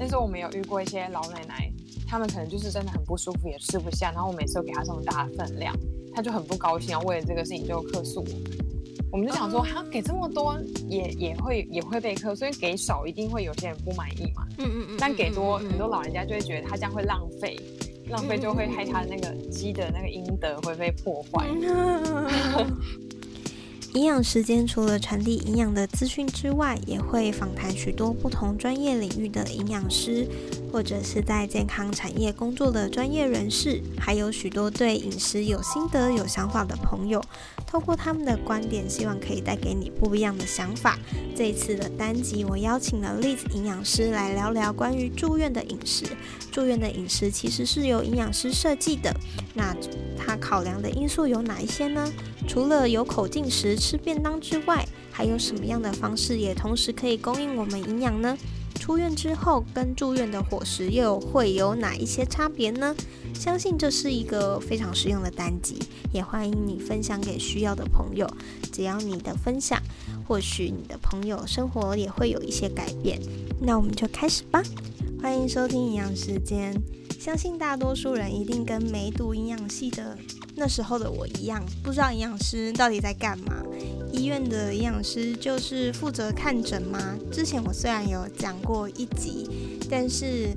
但是我們有遇過一些老奶奶，他們可能就是真的很不舒服，也吃不下。然後我每次都給他這麼大的分量，他就很不高興啊。為了這個事情就客訴我們，我們就想說，他、嗯、給這麼多，也也會也會被客訴，所以給少一定會有些人不滿意嘛。嗯嗯嗯。但給多很多老人家就會覺得他這樣會浪費，浪費就會害他那個積的那個陰德會被破壞。嗯 營養時間除了傳遞營養的資訊之外，也會訪談許多不同專業領域的營養師，或者是在健康產業工作的專業人士，還有許多對飲食有心得、有想法的朋友。透過他們的觀點，希望可以帶給你不一樣的想法。這一次的單集，我邀請了 Liz 營養師來聊聊關於住院的飲食。住院的飲食其實是由營養師設計的，那他考量的因素有哪一些呢？除了有口進食吃便當之外，還有什麼樣的方式也同時可以供應我們營養呢？出院之後跟住院的伙食又會有哪一些差別呢？相信這是一個非常實用的單集，也歡迎你分享給需要的朋友。只要你的分享，或許你的朋友生活也會有一些改變。那我們就開始吧，歡迎收聽營養時間。相信大多數人一定跟沒讀營養系的那時候的我一樣，不知道營養師到底在幹嘛。醫院的營養師就是負責看診嗎？之前我雖然有講過一集，但是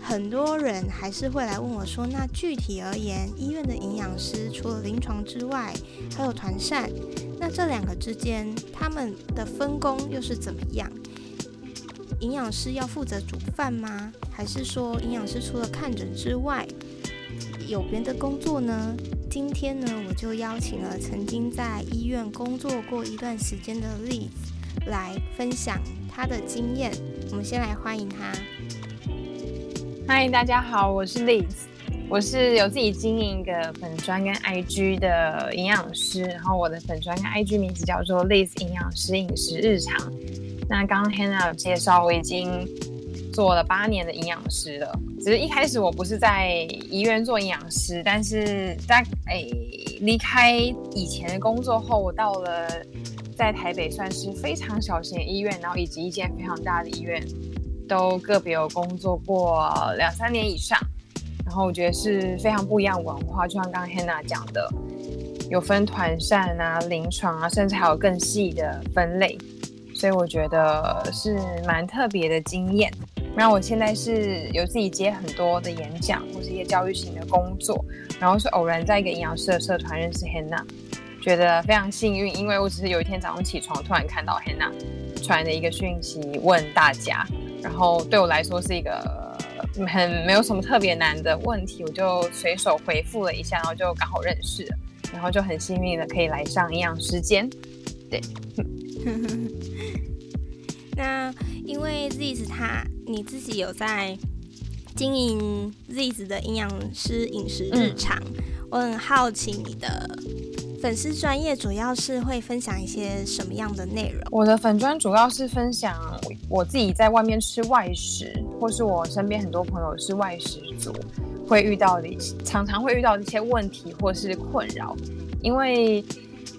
很多人還是會來問我說，說那具體而言，醫院的營養師除了臨床之外，還有團膳，那這兩個之間他們的分工又是怎麼樣？營養師要負責煮飯嗎？還是說營養師除了看診之外，有別的工作呢？今天呢，我就邀請了曾經在醫院工作過一段時間的 Liz 來分享他的經驗。我們先來歡迎他。Hi，大家好，我是 Liz，我是有自己經營的粉專跟 IG 的營養師，然後我的粉專跟 IG 名字叫做 Liz 營養師飲食日常。那剛剛 Hannah 有介紹，我已經做了八年的營養師了。只是一開始我不是在醫院做營養師，但是在哎離開以前的工作後，我到了在台北算是非常小型的醫院，然後以及一間非常大的醫院，都個別有工作過兩三年以上。然後我覺得是非常不一樣文化，就像剛剛 Hannah 講的，有分團膳啊、臨床啊，甚至還有更細的分類。所以我覺得是蠻特別的經驗。那我現在是有自己接很多的演講或是一些教育型的工作，然後是偶然在一個營養社社團認識 Hannah，覺得非常幸運，因為我只是有一天早上起床突然看到 Hannah 傳的一個訊息，問大家，然後對我來說是一個很沒有什麼特別難的問題，我就隨手回復了一下，然後就剛好認識了，然後就很幸運的可以來上營養時間，對。 那因為 Liz 他你自己有在經營 Liz 的營養師飲食日常，嗯，我很好奇你的粉絲專業主要是會分享一些什麼樣的內容？我的粉專主要是分享我自己在外面吃外食，或是我身邊很多朋友是外食族，會遇到的常常會遇到的一些問題或是困擾，因為。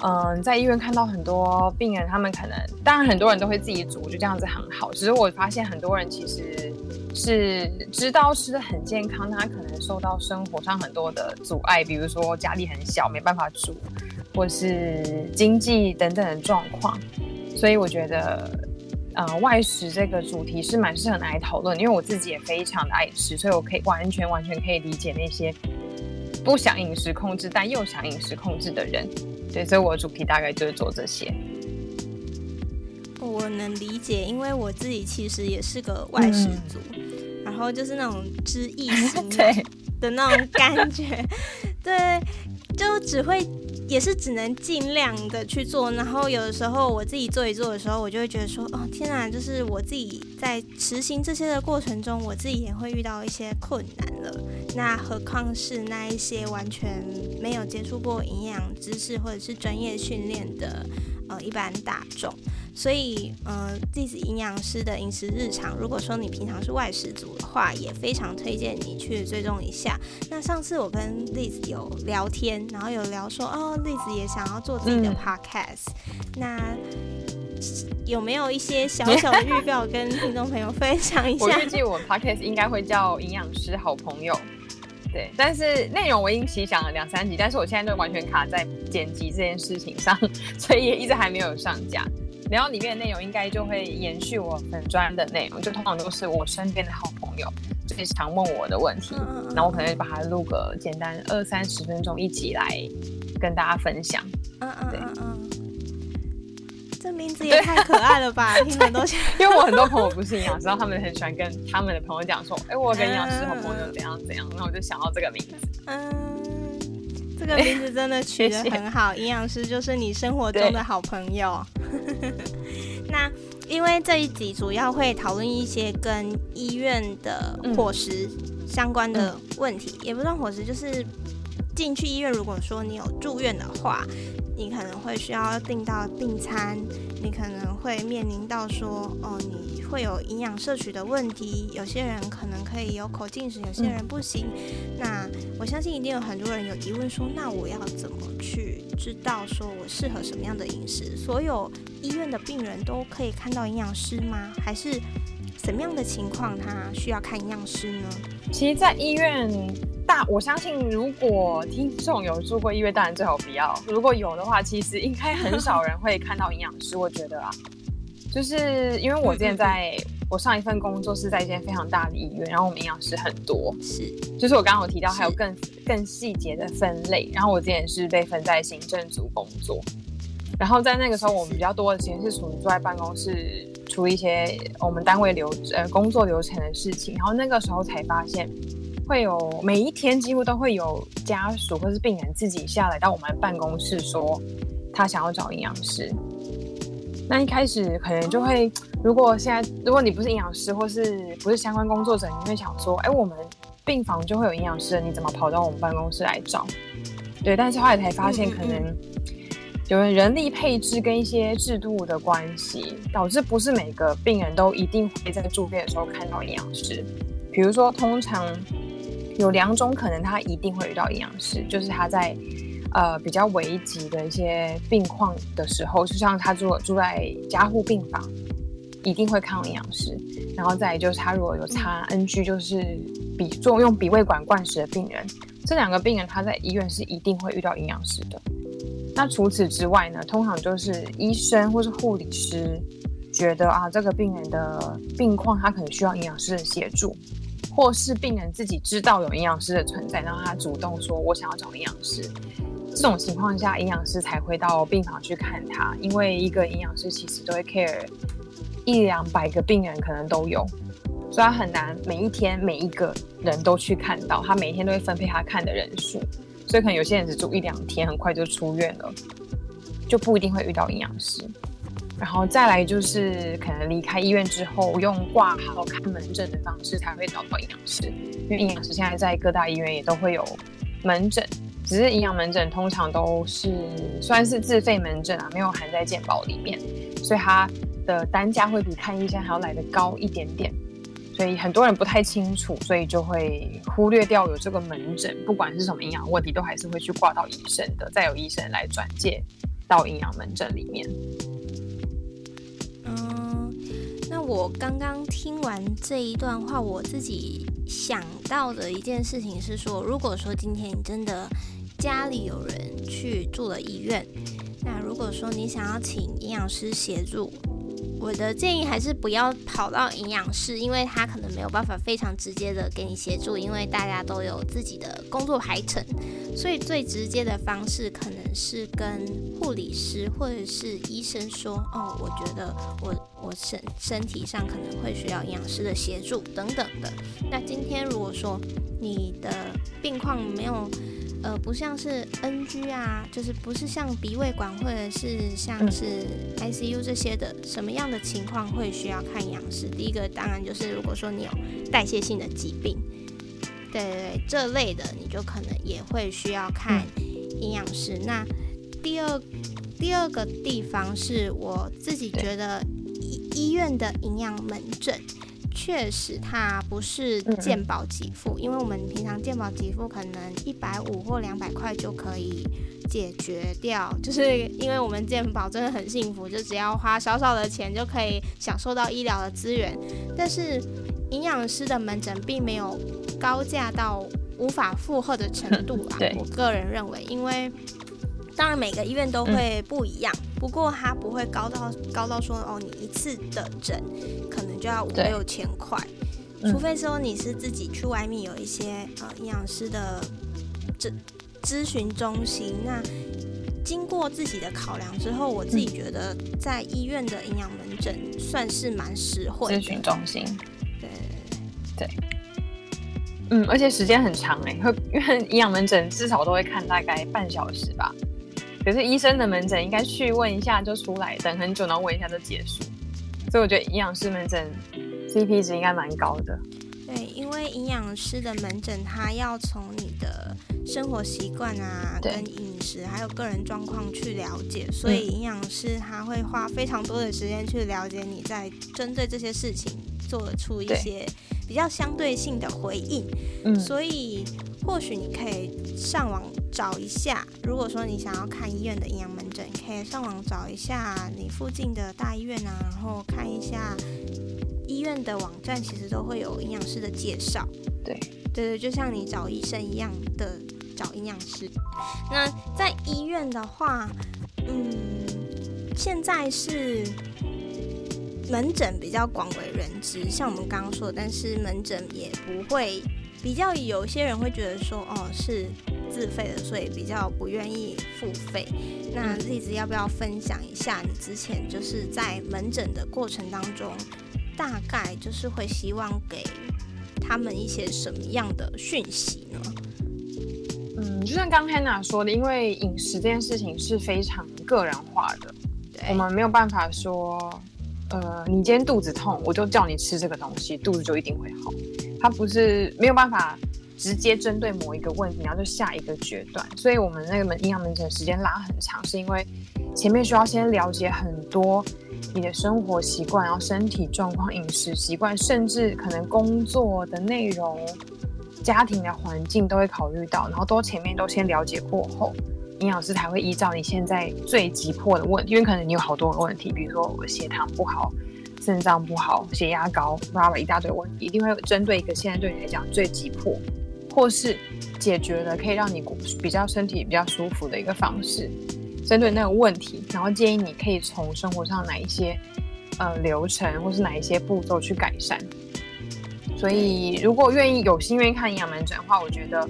嗯，在醫院看到很多病人，他們可能當然很多人都會自己煮，就這樣子很好。只是我發現很多人其實是知道吃得很健康，他可能受到生活上很多的阻礙，比如說家裡很小沒辦法煮，或是經濟等等的狀況。所以我覺得，嗯，外食這個主題是蠻適合來討論，因為我自己也非常的愛吃，所以我可以完全完全可以理解那些不想飲食控制但又想飲食控制的人。對，所以我的主題大概就是做這些。我能理解，因為我自己其實也是個外食族，嗯，然後就是那種知易行對的那種感覺，對， 對，就只會。也是只能盡量的去做，然後有的時候我自己做一做的時候，我就會覺得說，哦，天哪，就是我自己在實行這些的過程中，我自己也會遇到一些困難了。那何況是那一些完全沒有接觸過營養知識或者是專業訓練的，呃，一般大眾。所以，嗯、呃，Liz 營養師的飲食日常，如果說你平常是外食族的話，也非常推薦你去追蹤一下。那上次我跟 Liz 有聊天，然後有聊說，哦，Liz 也想要做自己的 podcast，、嗯、那有沒有一些小小的預告跟聽眾朋友分享一下？ 我預計我 podcast 應該會叫營養師好朋友，對。但是內容我已經想了兩三集，但是我現在都完全卡在剪輯這件事情上，所以也一直還沒有上架。然後裡面的內容應該就會延續我粉專的內容，就通常都是我身邊的好朋友最常問我的問題，嗯、然後我可能會把它錄個簡單二三十分鐘一起來跟大家分享。嗯，對，嗯嗯嗯，嗯，這名字也太可愛了吧！聽 因為我很多朋友不是營養師，他們很喜歡跟他們的朋友講說：“哎，我跟營養師好朋友怎樣怎樣。怎樣”那我就想到這個名字。嗯。這個名字真的取得很好，謝謝，營養師就是你生活中的好朋友。 那因為這一集主要會討論一些跟醫院的伙食相關的問題，嗯、也不算伙食，就是進去醫院，如果說你有住院的話。你可能會需要訂到訂餐，你可能會面臨到說，哦，你會有營養攝取的問題。有些人可能可以有口進食，有些人不行。嗯。那我相信一定有很多人有疑問說，那我要怎麼去知道說我適合什麼樣的飲食？所有醫院的病人都可以看到營養師嗎？還是？什麼樣的情況他需要看營養師呢？其實，在醫院大，我相信如果聽眾有住過醫院，當然最好不要。如果有的話，其實應該很少人會看到營養師，我覺得啊，就是因為我之前在 我上一份工作是在一間非常大的醫院，然後我們營養師很多，是，就是我剛剛有提到還有更更細節的分類，然後我之前是被分在行政組工作。然後在那個時候，我們比較多的時間是屬於坐在辦公室，出一些我們單位流、呃、工作流程的事情。然後那個時候才發現，會有每一天幾乎都會有家屬或是病人自己下來到我們辦公室，說他想要找營養師。那一開始可能就會，如果現在如果你不是營養師，或是不是相關工作者，你會想說，哎，我們病房就會有營養師，你怎麼跑到我們辦公室來找？對，但是後來才發現可能。有人力配置跟一些制度的關係，導致不是每個病人都一定會在住院的時候看到營養師。比如說，通常有兩種可能，他一定會遇到營養師，就是他在呃比較危急的一些病況的時候，就像他如果住在加護病房，一定會看到營養師。然後再就是他如果有插 NG，就是比作用鼻胃管灌食的病人，這兩個病人他在醫院是一定會遇到營養師的。那除此之外呢？通常就是醫生或是護理師覺得啊，這個病人的病況他可能需要營養師的協助，或是病人自己知道有營養師的存在，然後他主動說“我想要找營養師”。這種情況下，營養師才會到病房去看他，因為一個營養師其實都會 care 一兩百個病人，可能都有，所以他很難每一天每一個人都去看到，他每一天都會分配他看的人數。所以可能有些人只住一兩天，很快就出院了，就不一定會遇到營養師。然後再來就是，可能離開醫院之後，用掛號看門診的方式才會找到營養師。因為營養師現在在各大醫院也都會有門診，只是營養門診通常都是算是自費門診啊，沒有含在健保裡面，所以它的單價會比看醫生還要來得高一點點。所以很多人不太清楚，所以就會忽略掉有這個門診。不管是什麼營養問題，都還是會去掛到醫生的，再由醫生來轉介到營養門診裡面。嗯，那我剛剛聽完這一段話，我自己想到的一件事情是說，如果說今天你真的家裡有人去住了醫院，那如果說你想要請營養師協助。我的建議還是不要跑到營養室，因為他可能沒有辦法非常直接的給你協助，因為大家都有自己的工作排程，所以最直接的方式可能是跟護理師或者是醫生說，哦，我覺得我我身身體上可能會需要營養師的協助等等的。那今天如果說你的病況沒有，呃，不像是 NG 啊，就是不是像鼻胃管，或者是像是 ICU 這些的，什麼樣的情況會需要看營養師？第一個當然就是如果說你有代謝性的疾病，對對對，這類的你就可能也會需要看營養師。那第二第二個地方是我自己覺得醫院的營養門診。確實，它不是健保給付，因為我們平常健保給付可能一百五或兩百塊就可以解決掉，就是因為我們健保真的很幸福，就只要花少少的錢就可以享受到醫療的資源。但是營養師的門診並沒有高價到無法負荷的程度啊呵呵。對。我個人認為，因為當然每個醫院都會不一樣。嗯不過它不會高到高到說哦，你一次的診可能就要五六千塊、嗯，除非說你是自己去外面有一些呃營養師的諮諮詢中心。那經過自己的考量之後，我自己覺得在醫院的營養門診算是蠻實惠的。諮詢中心。對。對。嗯，而且時間很長哎、欸，因為營養門診至少都會看大概半小時吧。可是醫生的門診應該去問一下就出來，等很久，然後問一下就結束，所以我覺得營養師門診 CP 值應該蠻高的。對，因為營養師的門診他要從你的生活習慣啊、跟飲食還有個人狀況去了解，所以營養師他會花非常多的時間去了解你，再針對這些事情做出一些。比較相對性的回應，嗯，所以或許你可以上網找一下。如果說你想要看醫院的營養門診，可以上網找一下你附近的大醫院啊，然後看一下醫院的網站，其實都會有營養師的介紹。對，對對，就像你找醫生一樣的找營養師。那在醫院的話，嗯，現在是。門診比較廣為人知，像我們剛剛說，但是門診也不會比較，有些人會覺得說，哦，是自費的，所以比較不願意付費。那 Liz 要不要分享一下你之前就是在門診的過程當中，大概就是會希望給他們一些什麼樣的訊息呢？嗯，就像剛才 Hannah 說的，因為飲食這件事情是非常個人化的，對我們沒有辦法說。呃，你今天肚子痛，我就叫你吃這個東西，肚子就一定會好。它不是沒有辦法直接針對某一個問題，然後就下一個決斷。所以我們那個門，營養門診時間拉很長，是因為前面需要先了解很多你的生活習慣，然後身體狀況、飲食習慣，甚至可能工作的內容、家庭的環境都會考慮到，然後都前面都先了解過後。營養師才會依照你現在最急迫的問題，因為可能你有好多個問題，比如說血糖不好、腎臟不好、血壓高，拉了一大堆問題，一定會針對一個現在對你來講最急迫，或是解決了可以讓你比較身體比較舒服的一個方式，針對那個問題，然後建議你可以從生活上哪一些呃流程或是哪一些步驟去改善。所以如果願意有心願看營養門診的話，我覺得。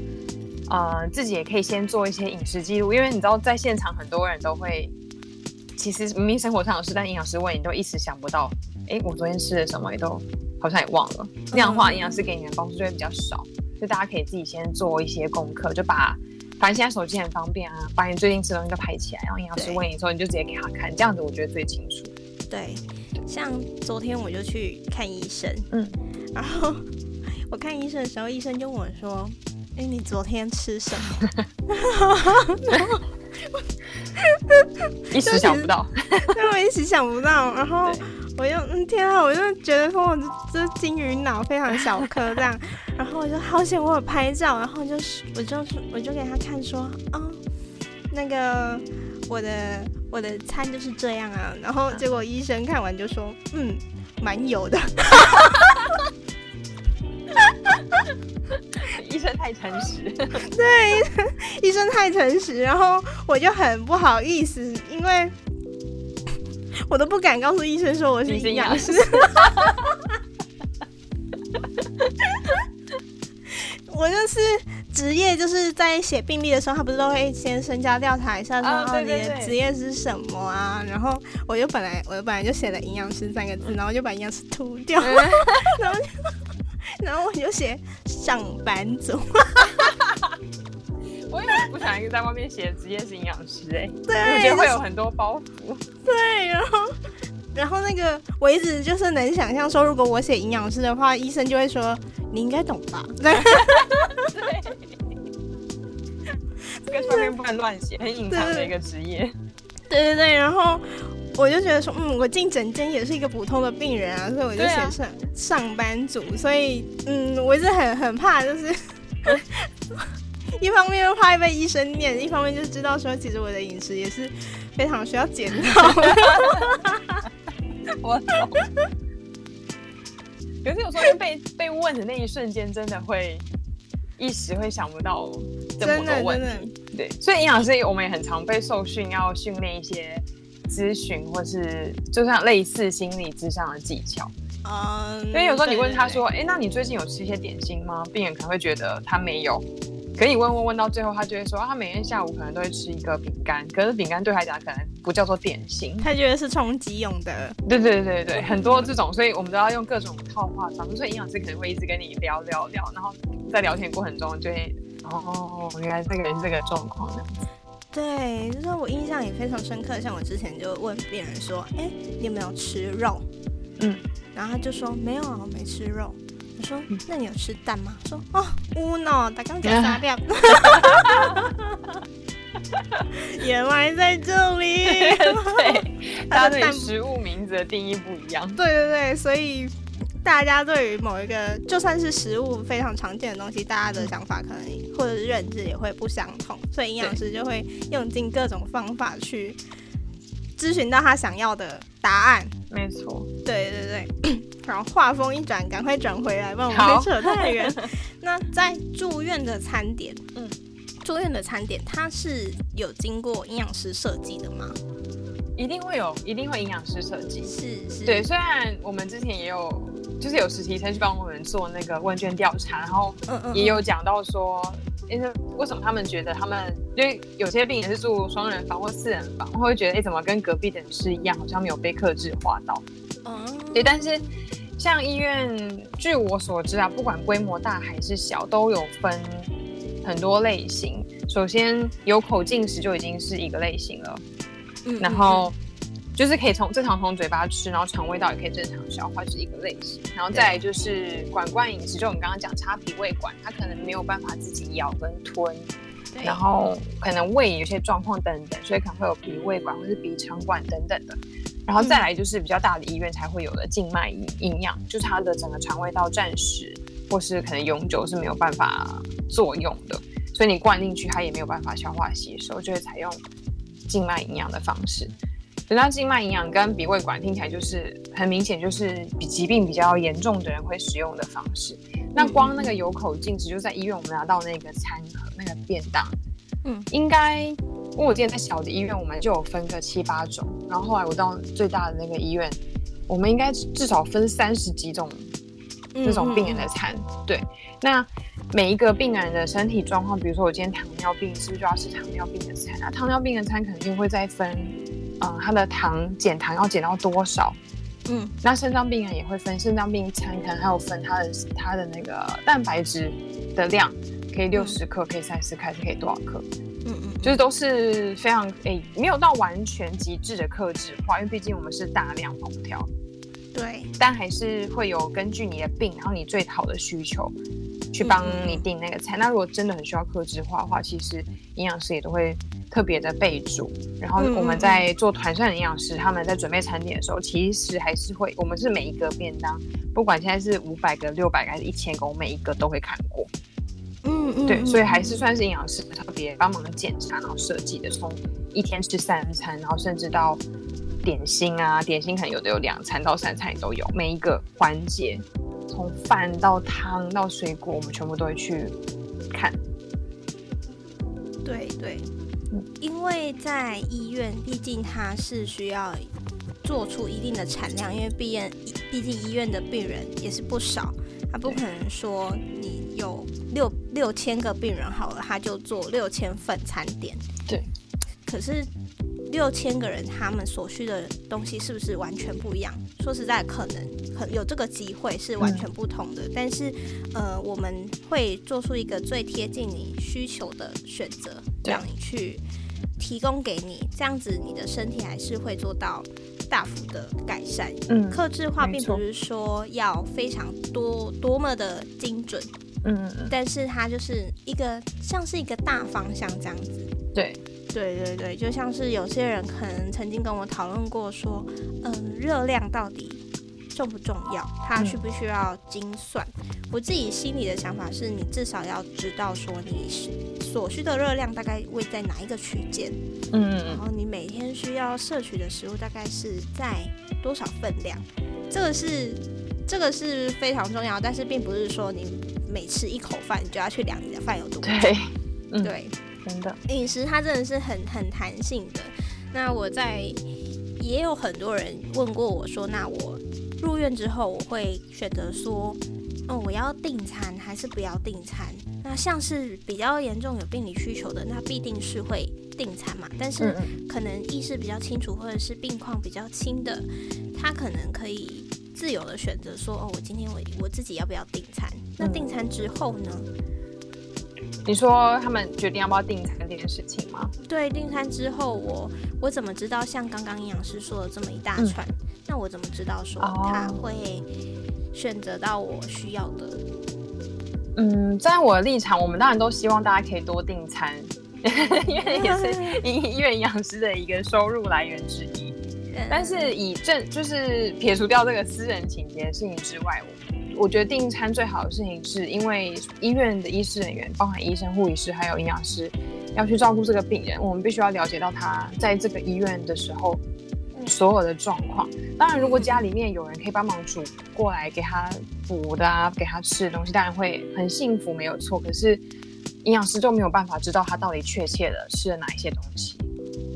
呃，自己也可以先做一些飲食記錄，因為你知道，在現場很多人都會，其實明明生活上有事，但營養師問你都一時想不到。哎、欸，我昨天吃了什麼，也都好像也忘了。那樣的話，營養師給你的幫助就會比較少、嗯。就大家可以自己先做一些功課，就把反正現在手機很方便啊，把你最近吃東西都拍起來，然後營養師問你的時候，你就直接給他看。這樣子我覺得最清楚。對，像昨天我就去看醫生，嗯，然後我看醫生的時候，醫生就問我說。哎、欸，你昨天吃什麼？ 然後，然後 一,一時想不到，讓 我一時想不到。然後對我又，嗯，天啊，我就覺得說我，我這金魚腦非常小顆這樣。 然後我就好險我有拍照，然後就是我就我就給他看說，啊，嗯，那個我的我的餐就是這樣啊。然後結果醫生看完就說，嗯，蠻油的。 醫生太誠實， 對，醫生太誠實，然後我就很不好意思，因為我都不敢告訴醫生說我是營養師。師 我就是職業，就是在寫病歷的時候，他不是都會先身家調查一下，說、oh, 你的職業是什麼啊？對對對對。然後我就本來我本來就寫了營養師三個字，然後就把營養師塗掉了，嗯、 然後就。然後我就寫上班族，走啊、 我也不想一個在外面寫職業是營養師哎、欸，對，因為我覺得會有很多包袱。對呀、就是，然後那個我一直就是能想象說，如果我寫營養師的話，醫生就會說你應該懂吧。對 對哈！哈跟上面不敢亂寫，很隱藏的一個職業。對對對，對，然後。我就覺得說，嗯，我進診間也是一個普通的病人啊，所以我就寫上上班族啊。所以，嗯，我是很很怕，就是、嗯、 一方面又怕被醫生念，一方面就知道說，其實我的飲食也是非常需要檢討。我操！可是有時候被被問的那一瞬間，真的會一時會想不到這麼多問題。對，所以營養師我們也很常被受訓，要訓練一些。諮詢或是就像類似心理智商的技巧，嗯，因為有時候你問他說，哎，那你最近有吃一些點心嗎？病人可能會覺得他沒有，可以問問問到最後，他就會說，啊，他每天下午可能都會吃一個餅乾，可是餅乾對他來講可能不叫做點心，他覺得是充飢用的。對對對對對,對，很多這種，所以我們都要用各種套話，所以營養師可能會一直跟你聊聊聊，然後在聊天過程中就會，哦，原來這個人是這個狀況的。對，就是我印象也非常深刻。像我之前就問病人說：“哎，你有沒有吃肉？”嗯，然後他就說：“沒有啊，我沒吃肉。”我說，嗯：“那你有吃蛋嗎？”說：“哦，no，打剛子打掉。”野哈外在這裡， 對，對，大家對食物名字的定義不一樣。對對對，對，所以。大家對於某一個就算是食物非常常見的東西，大家的想法可能或者是認知也會不相同，所以營養師就會用盡各種方法去諮詢到他想要的答案。沒錯，對對對。 然後話鋒一轉，趕快轉回來，不然我會扯太遠。那在住院的餐點， 嗯，住院的餐點它是有經過營養師設計的嗎？一定會有，一定會營養師設計。是是。對，雖然我們之前也有。就是有實習生去幫我們做那個問卷調查，然後也有講到說，因為為什麼他們覺得他們，因為有些病人是住雙人房或四人房，他會覺得哎，欸，怎麼跟隔壁的人是一樣，好像沒有被客製化。到。嗯，對，但是像醫院據我所知啊，不管規模大還是小，都有分很多類型。首先有口進食就已經是一個類型了，然後。嗯嗯嗯就是可以從正常從嘴巴吃，然後腸胃道也可以正常消化，是一個類型。然後再來就是管灌飲食，就我們剛剛講插鼻胃管，它可能沒有辦法自己咬跟吞，然後可能胃有些狀況等等，所以可能會有鼻胃管或是鼻腸管等等的。然後再來就是比較大的醫院才會有的靜脈營、嗯、營養，就是它的整個腸胃道暫時或是可能永久是沒有辦法作用的，所以你灌進去它也沒有辦法消化吸收，就會採用靜脈營養的方式。人家靜脈營養跟鼻胃管聽起來就是很明顯，就是比疾病比較嚴重的人會使用的方式。那光那個由口進食，就在醫院我們拿到那個餐盒，那個便當，嗯，應該。因為我今天在小的醫院，我們就有分個七八種，然後後來我到最大的那個醫院，我們應該至少分三十幾種這種病人的餐，嗯。對，那每一個病人的身體狀況，比如說我今天糖尿病，是不是就要吃糖尿病的餐啊？糖尿病的餐肯定會再分。嗯，它的糖減糖要減到多少？嗯，那腎臟病人也會分腎臟病餐餐，嗯，還有分他的他的那個蛋白質的量，可以六十克、嗯，可以三十克，還是可以多少克？嗯嗯，就是都是非常誒、欸、沒有到完全極致的客製化，因為畢竟我們是大量烹調。對，但還是會有根據你的病，然後你最好的需求，去幫你訂那個菜，嗯嗯。那如果真的很需要客製化的話，其實營養師也都會特別的備註。然後我們在做團膳的營養師嗯嗯，他們在準備餐點的時候，其實還是會，我們是每一個便當，不管現在是五百個、六百個還是一千個，我們每一個都會看過。嗯，嗯嗯。對，所以還是算是營養師特別幫忙檢查，然後設計的，從一天吃三餐，然後甚至到點心啊，點心可能有的有兩餐到三餐也都有，每一個環節。從飯到湯到水果，我們全部都會去看。對對，因為在醫院，畢竟他是需要做出一定的產量，因為畢竟畢竟醫院的病人也是不少，他不可能說你有六六千個病人好了，他就做六千份餐點。對，可是六千個人他們所需的東西是不是完全不一樣？說實在，可能。有這個機會是完全不同的。嗯，但是，呃，我們會做出一個最貼近你需求的選擇，讓你去提供給你，這樣子你的身體還是會做到大幅的改善。嗯，客製化並不是說要非常多多麼的精準。嗯，但是它就是一個像是一個大方向這樣子。對對對對，就像是有些人可能曾經跟我討論過說，嗯，熱量到底，重不重要？它需不需要精算？嗯、我自己心裡的想法是，你至少要知道說，你所需的熱量大概會在哪一個區間。嗯，然後你每天需要攝取的食物大概是在多少分量？這個是這個是非常重要，但是並不是說你每吃一口飯，你就要去量你的飯有多少？對、嗯，對，真的。飲食它真的是很很彈性的。那我在也有很多人問過我說，那我。入院之後，我會選擇說，哦，我要訂餐還是不要訂餐？那像是比較嚴重有病理需求的，那必定是會訂餐嘛。但是可能意識比較清楚，或者是病況比較輕的，他可能可以自由的選擇說，哦，我今天我我自己要不要訂餐？那訂餐之後呢？你說他們決定要不要訂餐這件事情嗎？對，訂餐之後我，我我怎麼知道，像剛剛營養師說的這麼一大串。嗯那我怎麼知道說他會選擇到我需要的？哦？嗯，在我的立場，我們當然都希望大家可以多訂餐， 因為也是醫院營養師的一個收入來源之一。嗯、但是以正就是撇除掉這個私人情節的事情之外，我，我覺得訂餐最好的事情，是因為醫院的醫師人員，包含醫生、護理師還有營養師，要去照顧這個病人，我們必須要了解到他在這個醫院的時候。所有的狀況，當然，如果家裡面有人可以幫忙煮過來給他補的啊，給他吃的東西，當然會很幸福，沒有錯。可是營養師就沒有辦法知道他到底確切的吃了哪一些東西，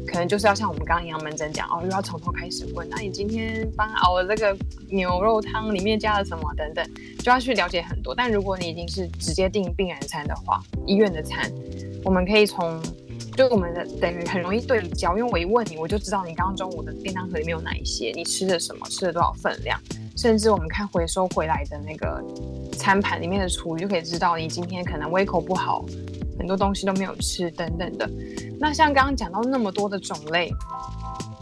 可能就是要像我們剛剛營養門診講哦，又要從頭開始問，那你今天幫他熬了這個牛肉湯，裡面加了什麼等等，就要去了解很多。但如果你已經是直接訂病人餐的話，醫院的餐，我們可以從。就我們的等於很容易對焦，因為我一問你，我就知道你剛剛中午的便當盒裡面有哪一些，你吃的什麼，吃了多少分量，甚至我們看回收回來的那個餐盤裡面的廚餘就可以知道你今天可能胃口不好，很多東西都沒有吃等等的。那像剛剛講到那麼多的種類，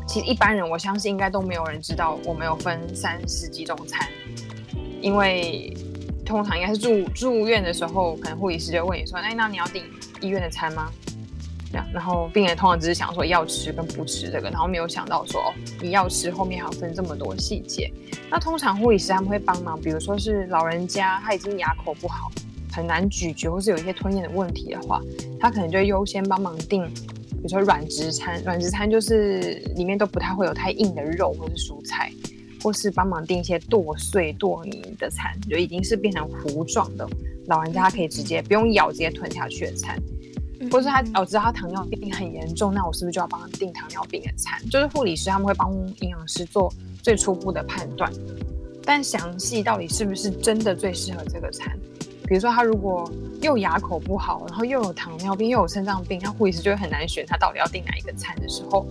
其實一般人我相信應該都沒有人知道我們有分三十幾種餐，因為通常應該是住住院的時候，可能護理師就問你說，哎，那你要訂醫院的餐嗎？然後病人通常只是想說要吃跟不吃這個，然後沒有想到說，哦，你要吃後面還要分這麼多細節。那通常護理師他們會幫忙，比如說是老人家他已經牙口不好，很難咀嚼，或是有一些吞嚥的問題的話，他可能就優先幫忙訂，比如說軟質餐，軟質餐就是裡面都不太會有太硬的肉或是蔬菜，或是幫忙訂一些剁碎剁泥的餐，就已經是變成糊狀的，老人家他可以直接不用咬，直接吞下去的餐。或是他，我、哦、知道他糖尿病很嚴重，那我是不是就要幫他訂糖尿病的餐？就是護理師他們會幫營養師做最初步的判斷，但詳細到底是不是真的最適合這個餐，比如說他如果又牙口不好，然後又有糖尿病又有腎臟病，那護理師就會很難選他到底要訂哪一個餐的時候，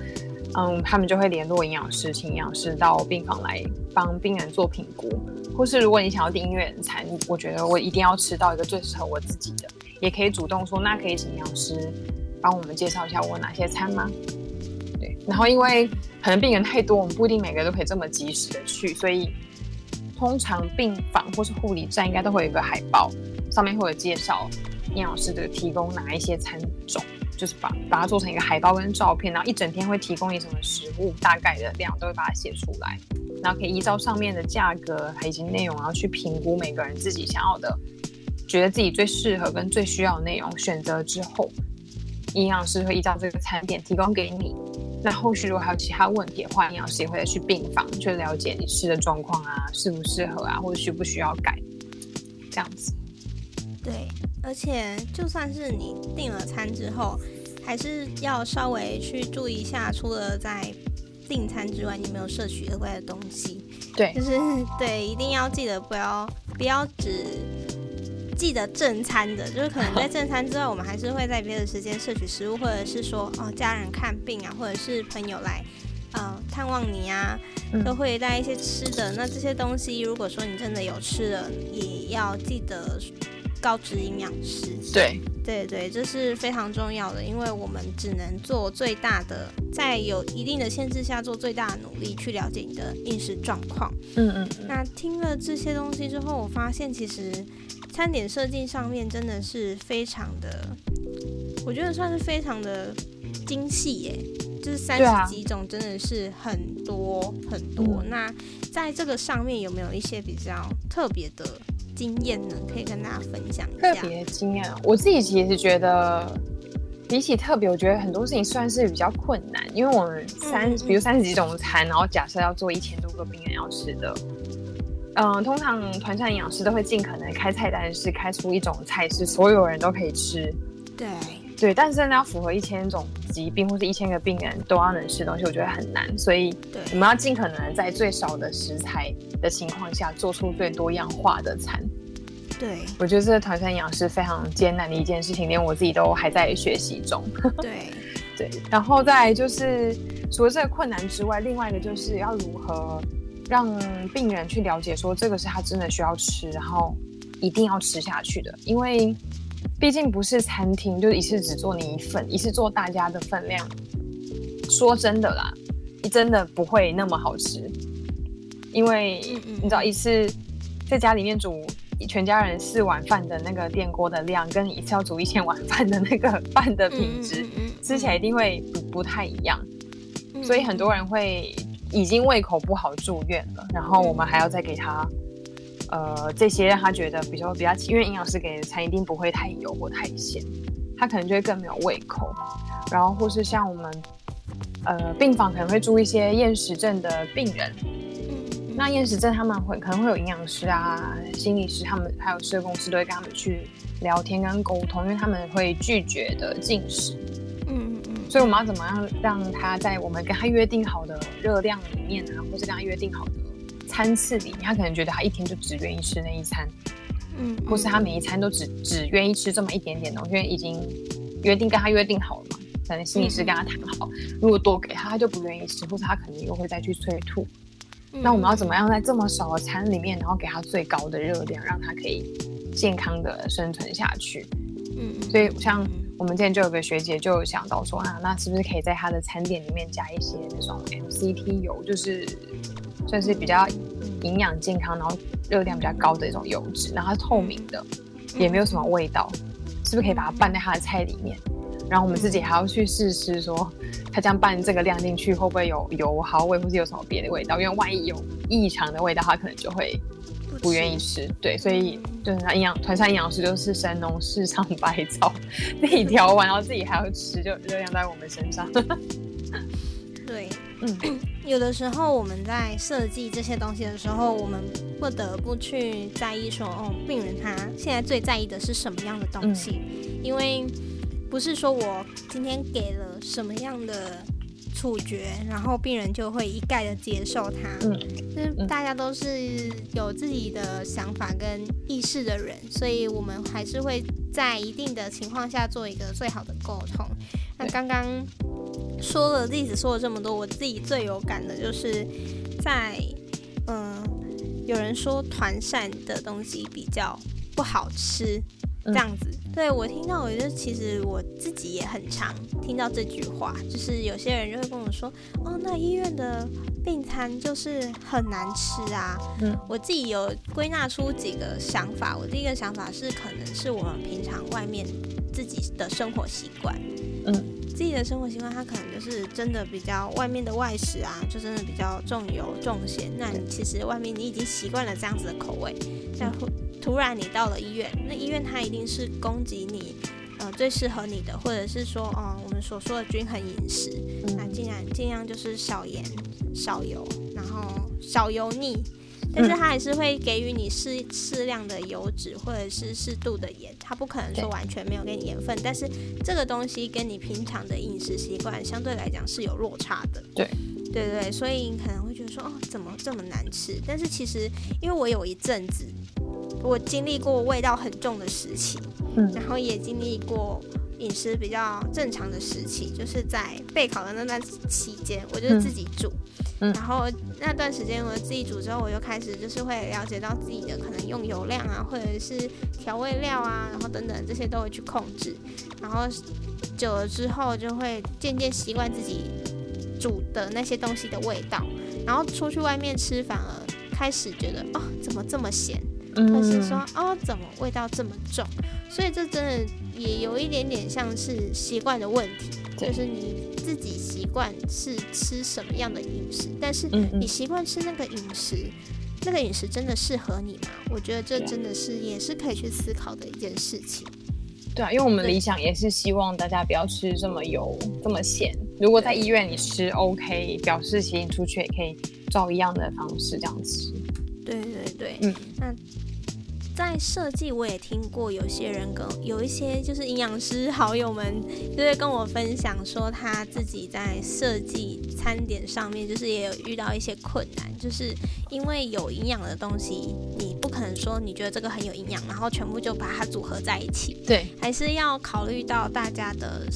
嗯，他們就會聯絡營養師，請營養師到病房來幫病人做評估。或是如果你想要訂醫院餐，我覺得我一定要吃到一個最適合我自己的，也可以主動說，那可以請營養師幫我們介紹一下我哪些餐嗎？對，然後因為可能病人太多，我們不一定每個人都可以這麼及時的去，所以通常病房或是護理站應該都會有一個海報，上面會有介紹營養師的提供哪一些餐種，就是把把它做成一個海報跟照片，然後一整天會提供你什麼食物，大概的量都會把它寫出來，然後可以依照上面的價格以及內容，然後去評估每個人自己想要的。覺得自己最適合跟最需要的內容選擇之後，營養師會依照這個餐點提供給你。那後續如果還有其他問題的話，營養師也會去病房去了解你吃的狀況啊，適不適合啊，或者需不需要改，這樣子。對，而且就算是你訂了餐之後，還是要稍微去注意一下，除了在訂餐之外，你沒有攝取額外的東西。對，就是對，一定要記得不要不要只。記得正餐的，就是可能在正餐之外，我們還是會在別的時間攝取食物，或者是說哦，家人看病啊，或者是朋友來，呃，探望你啊，都、嗯、會帶一些吃的。那這些東西，如果說你真的有吃的，也要記得告知營養師對對對對，這是非常重要的，因為我們只能做最大的，在有一定的限制下做最大的努力去了解你的飲食狀況。嗯，嗯嗯。那聽了這些東西之後，我發現其實。餐點設計上面真的是非常的，我覺得算是非常的精細耶，欸，就是三十幾種真的是很多，啊，很多，嗯。那在這個上面有沒有一些比較特別的經驗呢？可以跟大家分享一下。特別的經驗，我自己其實覺得比起特別，我覺得很多事情算是比較困難，因為我們三、嗯、比如三十幾種餐，然後假設要做一千多個病人要吃的。嗯，通常團膳營養師都會盡可能開菜單，是開出一種菜式，所有人都可以吃。對對，但是呢，要符合一千種疾病或是一千個病人都要能吃東西，我覺得很難。所以對，我們要盡可能在最少的食材的情況下，做出最多樣化的餐。對，我覺得這個團膳營養師非常艱難的一件事情，連我自己都還在學習中。 對對，然後再就是除了這個困難之外，另外一個就是要如何。讓病人去了解，說這個是他真的需要吃，然後一定要吃下去的。因為畢竟不是餐廳，就是一次只做你一份，一次做大家的份量。說真的啦，你真的不會那麼好吃，因為你知道，一次在家裡面煮全家人四碗飯的那個電鍋的量，跟你一次要煮一千碗飯的那個飯的品質，嗯嗯嗯嗯吃起來一定會不，不太一樣。所以很多人會。已經胃口不好住院了，然後我們還要再給他，呃，這些讓他覺得比較比較，因為營養師給的餐一定不會太油或太鹹，他可能就會更沒有胃口。然後或是像我們，呃，病房可能會住一些厭食症的病人，那厭食症他們會可能會有營養師啊、心理師，他們還有社工師都會跟他們去聊天跟溝通，因為他們會拒絕的進食。所以我們要怎麼樣讓他在我們跟他約定好的熱量裡面啊，或是跟他約定好的餐次裡面，他可能覺得他一天就只願意吃那一餐，嗯，嗯，或是他每一餐都只只願意吃這麼一點點。我因為已經約定跟他約定好了嘛，反正心理師跟他談好，嗯，如果多給他，他就不願意吃，或者他可能又會再去催吐，嗯。那我們要怎麼樣在這麼少的餐裡面，然後給他最高的熱量，讓他可以健康的生存下去？嗯，所以像。我們今天就有個學姐就想到說啊，那是不是可以在她的餐點裡面加一些那種 MCT 油，就是算是比較營養健康，然後熱量比較高的一種油脂。然後它透明的，也沒有什麼味道，是不是可以把它拌在她的菜裡面？然後我們自己還要去試試說，她這樣拌這個量進去會不會有油耗味，或是有什麼別的味道？因為萬一有異常的味道，她可能就會。不願意吃，對，所以就是他營養，團餐、營養師就是神農試嘗百草，那一條。完，然後自己還要吃，就熱量在我們身上。 對，嗯，有的時候我們在設計這些東西的時候，我們不得不去在意說，哦，病人他現在最在意的是什麼樣的東西，嗯、因為不是說我今天給了什麼樣的。觸覺，然後病人就會一概的接受它。嗯、就是，大家都是有自己的想法跟意識的人，所以我們還是會在一定的情況下做一個最好的溝通。那剛剛說的例子，說了這麼多，我自己最有感的就是在，嗯、呃，有人說團膳的東西比較不好吃。這樣子，對我聽到，我就其實我自己也很常聽到這句話，就是有些人就會跟我說，哦，那醫院的病餐就是很難吃啊。嗯，我自己有歸納出幾個想法，我第一個想法是，可能是我們平常外面自己的生活習慣，嗯，自己的生活習慣，它可能就是真的比較外面的外食啊，就真的比較重油重鹹。那你其實外面你已經習慣了這樣子的口味，再、嗯。突然，你到了醫院，那醫院它一定是供給你，呃，最適合你的，或者是說，哦、嗯，我們所說的均衡飲食，那盡然盡量就是少鹽、少油，然後少油膩，但是它還是會給予你適適量的油脂或者是適度的鹽，它不可能說完全沒有給你鹽分，但是這個東西跟你平常的飲食習慣相對來講是有落差的，對。對對，所以你可能會覺得說哦，怎麼這麼難吃？但是其實，因為我有一陣子，我經歷過味道很重的時期，嗯，然後也經歷過飲食比較正常的時期，就是在備考的那段期間，我就是自己煮，嗯，然後那段時間我自己煮之後，我就開始就是會了解到自己的可能用油量啊，或者是調味料啊，然後等等這些都會去控制，然後久了之後就會漸漸習慣自己。煮的那些東西的味道，然後出去外面吃，反而開始覺得啊、哦，怎麼這麼鹹？或、嗯、是說啊、哦，怎麼味道這麼重？所以這真的也有一點點像是習慣的問題，就是你自己習慣是吃什麼樣的飲食，但是你習慣吃那個飲食嗯嗯，那個飲食真的適合你嗎？我覺得這真的是也是可以去思考的一件事情。對啊，因為我們理想也是希望大家不要吃這麼油、這麼鹹。如果在醫院裡吃 OK，表示行。出去也可以照一樣的方式這樣吃。對對對，嗯。那在設計，我也聽過有些人跟有一些就是營養師好友們就會跟我分享說，他自己在設計餐點上面，就是也有遇到一些困難，就是因為有營養的東西，你不可能說你覺得這個很有營養，然後全部就把它組合在一起。對，還是要考慮到大家的。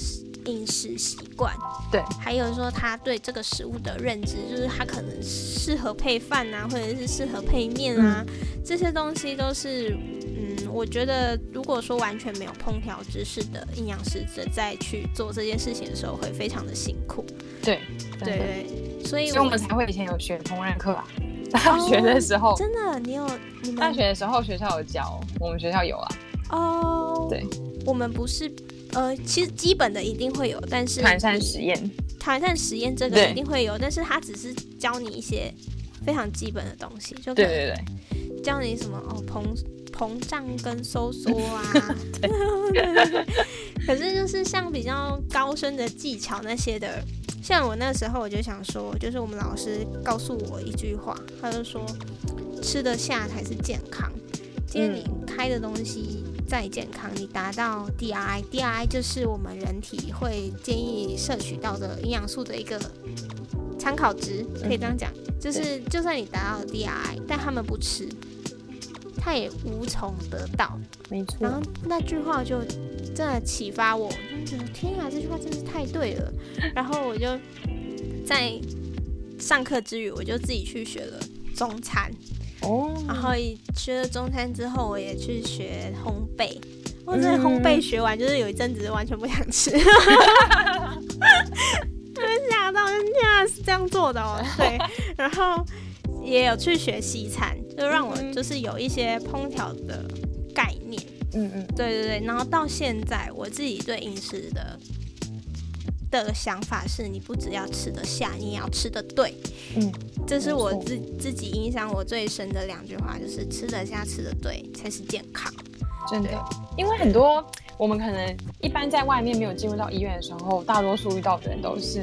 飲食習慣，對，還有說他對這個食物的認知，就是他可能適合配飯啊，或者是適合配麵啊、嗯，這些東西都是，嗯，我覺得如果說完全沒有烹調知識的營養師者在去做這件事情的時候，會非常的辛苦。對，對，所以所以我們才會以前有學烹飪課啊，大學的時候，哦、真的？你有你們，大學的時候學校有教，我們學校有啊，哦，對，我們不是。呃，其實基本的一定會有，但是團膳實驗，團膳實驗這個一定會有，但是他只是教你一些非常基本的東西，就可以對對對，教你什麼哦膨膨脹跟收縮啊。 對 對 可是就是像比較高深的技巧那些的，像我那時候我就想說，就是我們老師告訴我一句話，他就說吃得下才是健康，今天你開的東西。嗯再健康，你達到 DRI，DRI 就是我們人體會建議攝取到的營養素的一個參考值，可以這樣講。就是就算你達到 DRI，但他們不吃，他也無從得到。沒錯。然後那句話就真的啟發我，我就覺得天啊，這句話真是太對了。然後我就在上課之餘，我就自己去學了中餐。 然後吃了中餐之後，我也去學烘焙。我在烘焙學完，就是有一陣子完全不想吃。沒、嗯、想 到原來是這樣做的哦。對，然後也有去學西餐，就讓我就是有一些烹調的概念。嗯嗯，對對對。然後到現在，我自己對飲食的。的想法是，你不只要吃得下，你也要吃得對。嗯，這是我自自己印象，我最深的兩句話，就是吃得下，吃得對才是健康。真的，因為很多我們可能一般在外面沒有進入到醫院的時候，大多數遇到的人都是，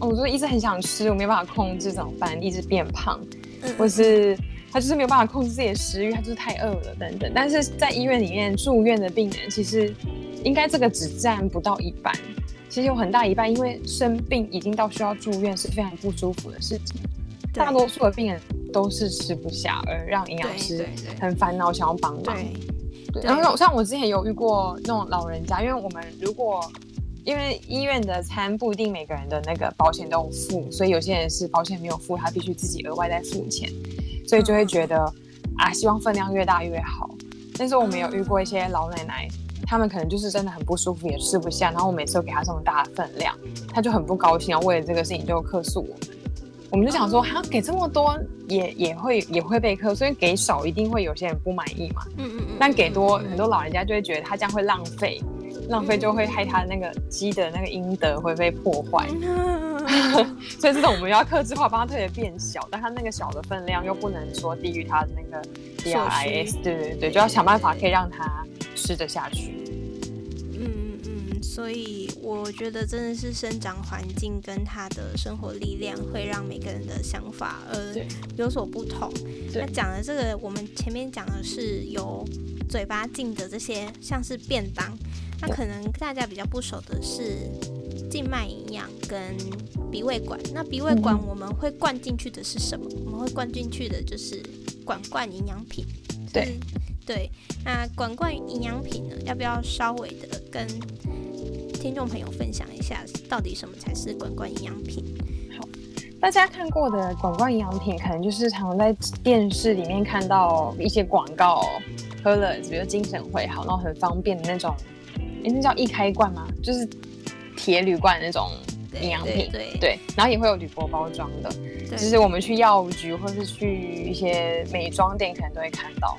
哦，我就一直很想吃，我沒有辦法控制怎麼辦，一直變胖嗯嗯，或是他就是沒有辦法控制自己的食欲，他就是太餓了等等。但是在醫院裡面住院的病人，其實應該這個只占不到一半。其實有很大一半，因為生病已經到需要住院是非常不舒服的事情。大多數的病人都是吃不下，而讓營養師很煩惱，想要幫忙對對對對。然後像我之前有遇過那種老人家，因為我們如果因為醫院的餐不一定每個人的那個保險都有付，所以有些人是保險沒有付，他必須自己額外再付錢，所以就會覺得、嗯、啊，希望分量越大越好。但是我們有遇過一些老奶奶。他們可能就是真的很不舒服，也吃不下。然後我每次都給他這麼大的分量，他就很不高興啊。為了這個事情就客訴我們，我們就想說，他給這麼多也，也也會也會被客訴。所以給少一定會有些人不滿意嘛。嗯嗯嗯。但給多很多老人家就會覺得他這樣會浪費，浪費就會害他那個積的那個陰德會被破壞。 所以這種我們要客製化，幫他特別變小，但他那個小的分量又不能說低於他的那個 DRIs 對對對，就要想辦法可以讓它。吃得下去，嗯嗯嗯，所以我覺得真的是生長環境跟他的生活力量會讓每個人的想法呃有所不同。那講的這個，我們前面講的是由嘴巴進的這些，像是便當，那可能大家比較不熟的是靜脈營養跟鼻胃管。那鼻胃管我們會灌進去的是什麼？嗯、我們會灌進去的就是管灌營養品，對。對，那管灌營養品呢？要不要稍微的跟聽眾朋友分享一下，到底什麼才是管灌營養品？好，大家看過的管灌營養品，可能就是常常在電視裡面看到一些廣告，喝了，比如精神會好，然後很方便的那種。哎、欸，那叫易開罐嗎？就是鐵鋁罐那種營養品對對對，對，然後也會有鋁箔包裝的，其實、就是、我們去藥局或是去一些美妝店，可能都會看到。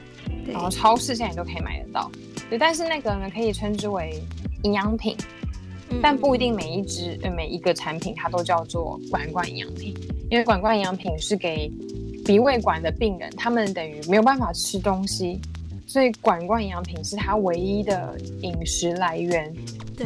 然後超市現在都可以買得到，對，但是那個呢，可以稱之為營養品。嗯、但不一定每一支、呃、每一個產品它都叫做管灌營養品，因為管灌營養品是給鼻胃管的病人，他們等於沒有辦法吃東西，所以管灌營養品是他唯一的飲食來源，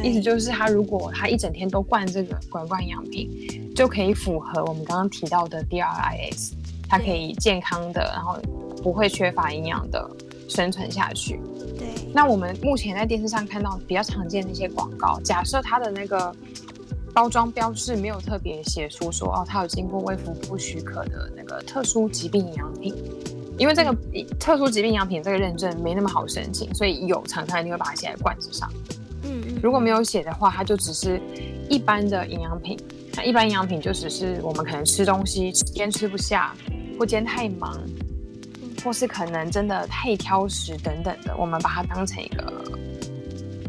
意思就是他如果他一整天都灌這個管灌營養品，就可以符合我們剛剛提到的 D R I S，它可以健康的，然後不會缺乏營養的，生存下去。對，那我們目前在電視上看到比較常見的一些廣告，假設它的那個包裝標誌沒有特別寫出說哦，它有經過衛福部許可的那個特殊疾病營養品，因為這個、嗯、特殊疾病營養品這個認證沒那麼好申請，所以有廠商一定會把它寫在罐子上。嗯，嗯，如果沒有寫的話，它就只是一般的營養品。那一般營養品就只是我們可能吃東西今天吃不下，或今天太忙。或是可能真的太挑食等等的，我們把它當成一個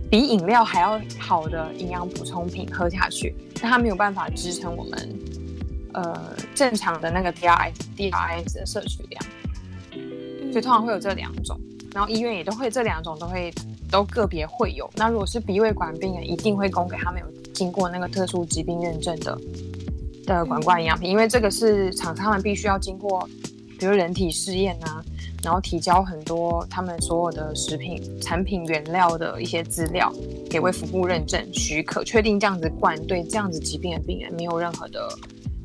比飲料還要好的營養補充品喝下去，但它沒有辦法支撐我們呃正常的那個 DRIs DRIs 的攝取量，所以通常會有這兩種，然後醫院也都會這兩種都會都個別會有。那如果是鼻胃管病人，一定會供給他們有經過那個特殊疾病認證的的管灌營養品，因為這個是廠商們必須要經過。比如人體試驗啊，然後提交很多他們所有的食品產品原料的一些資料給衛福部認證許可，確定這樣子罐，對這樣子疾病的病人沒有任何的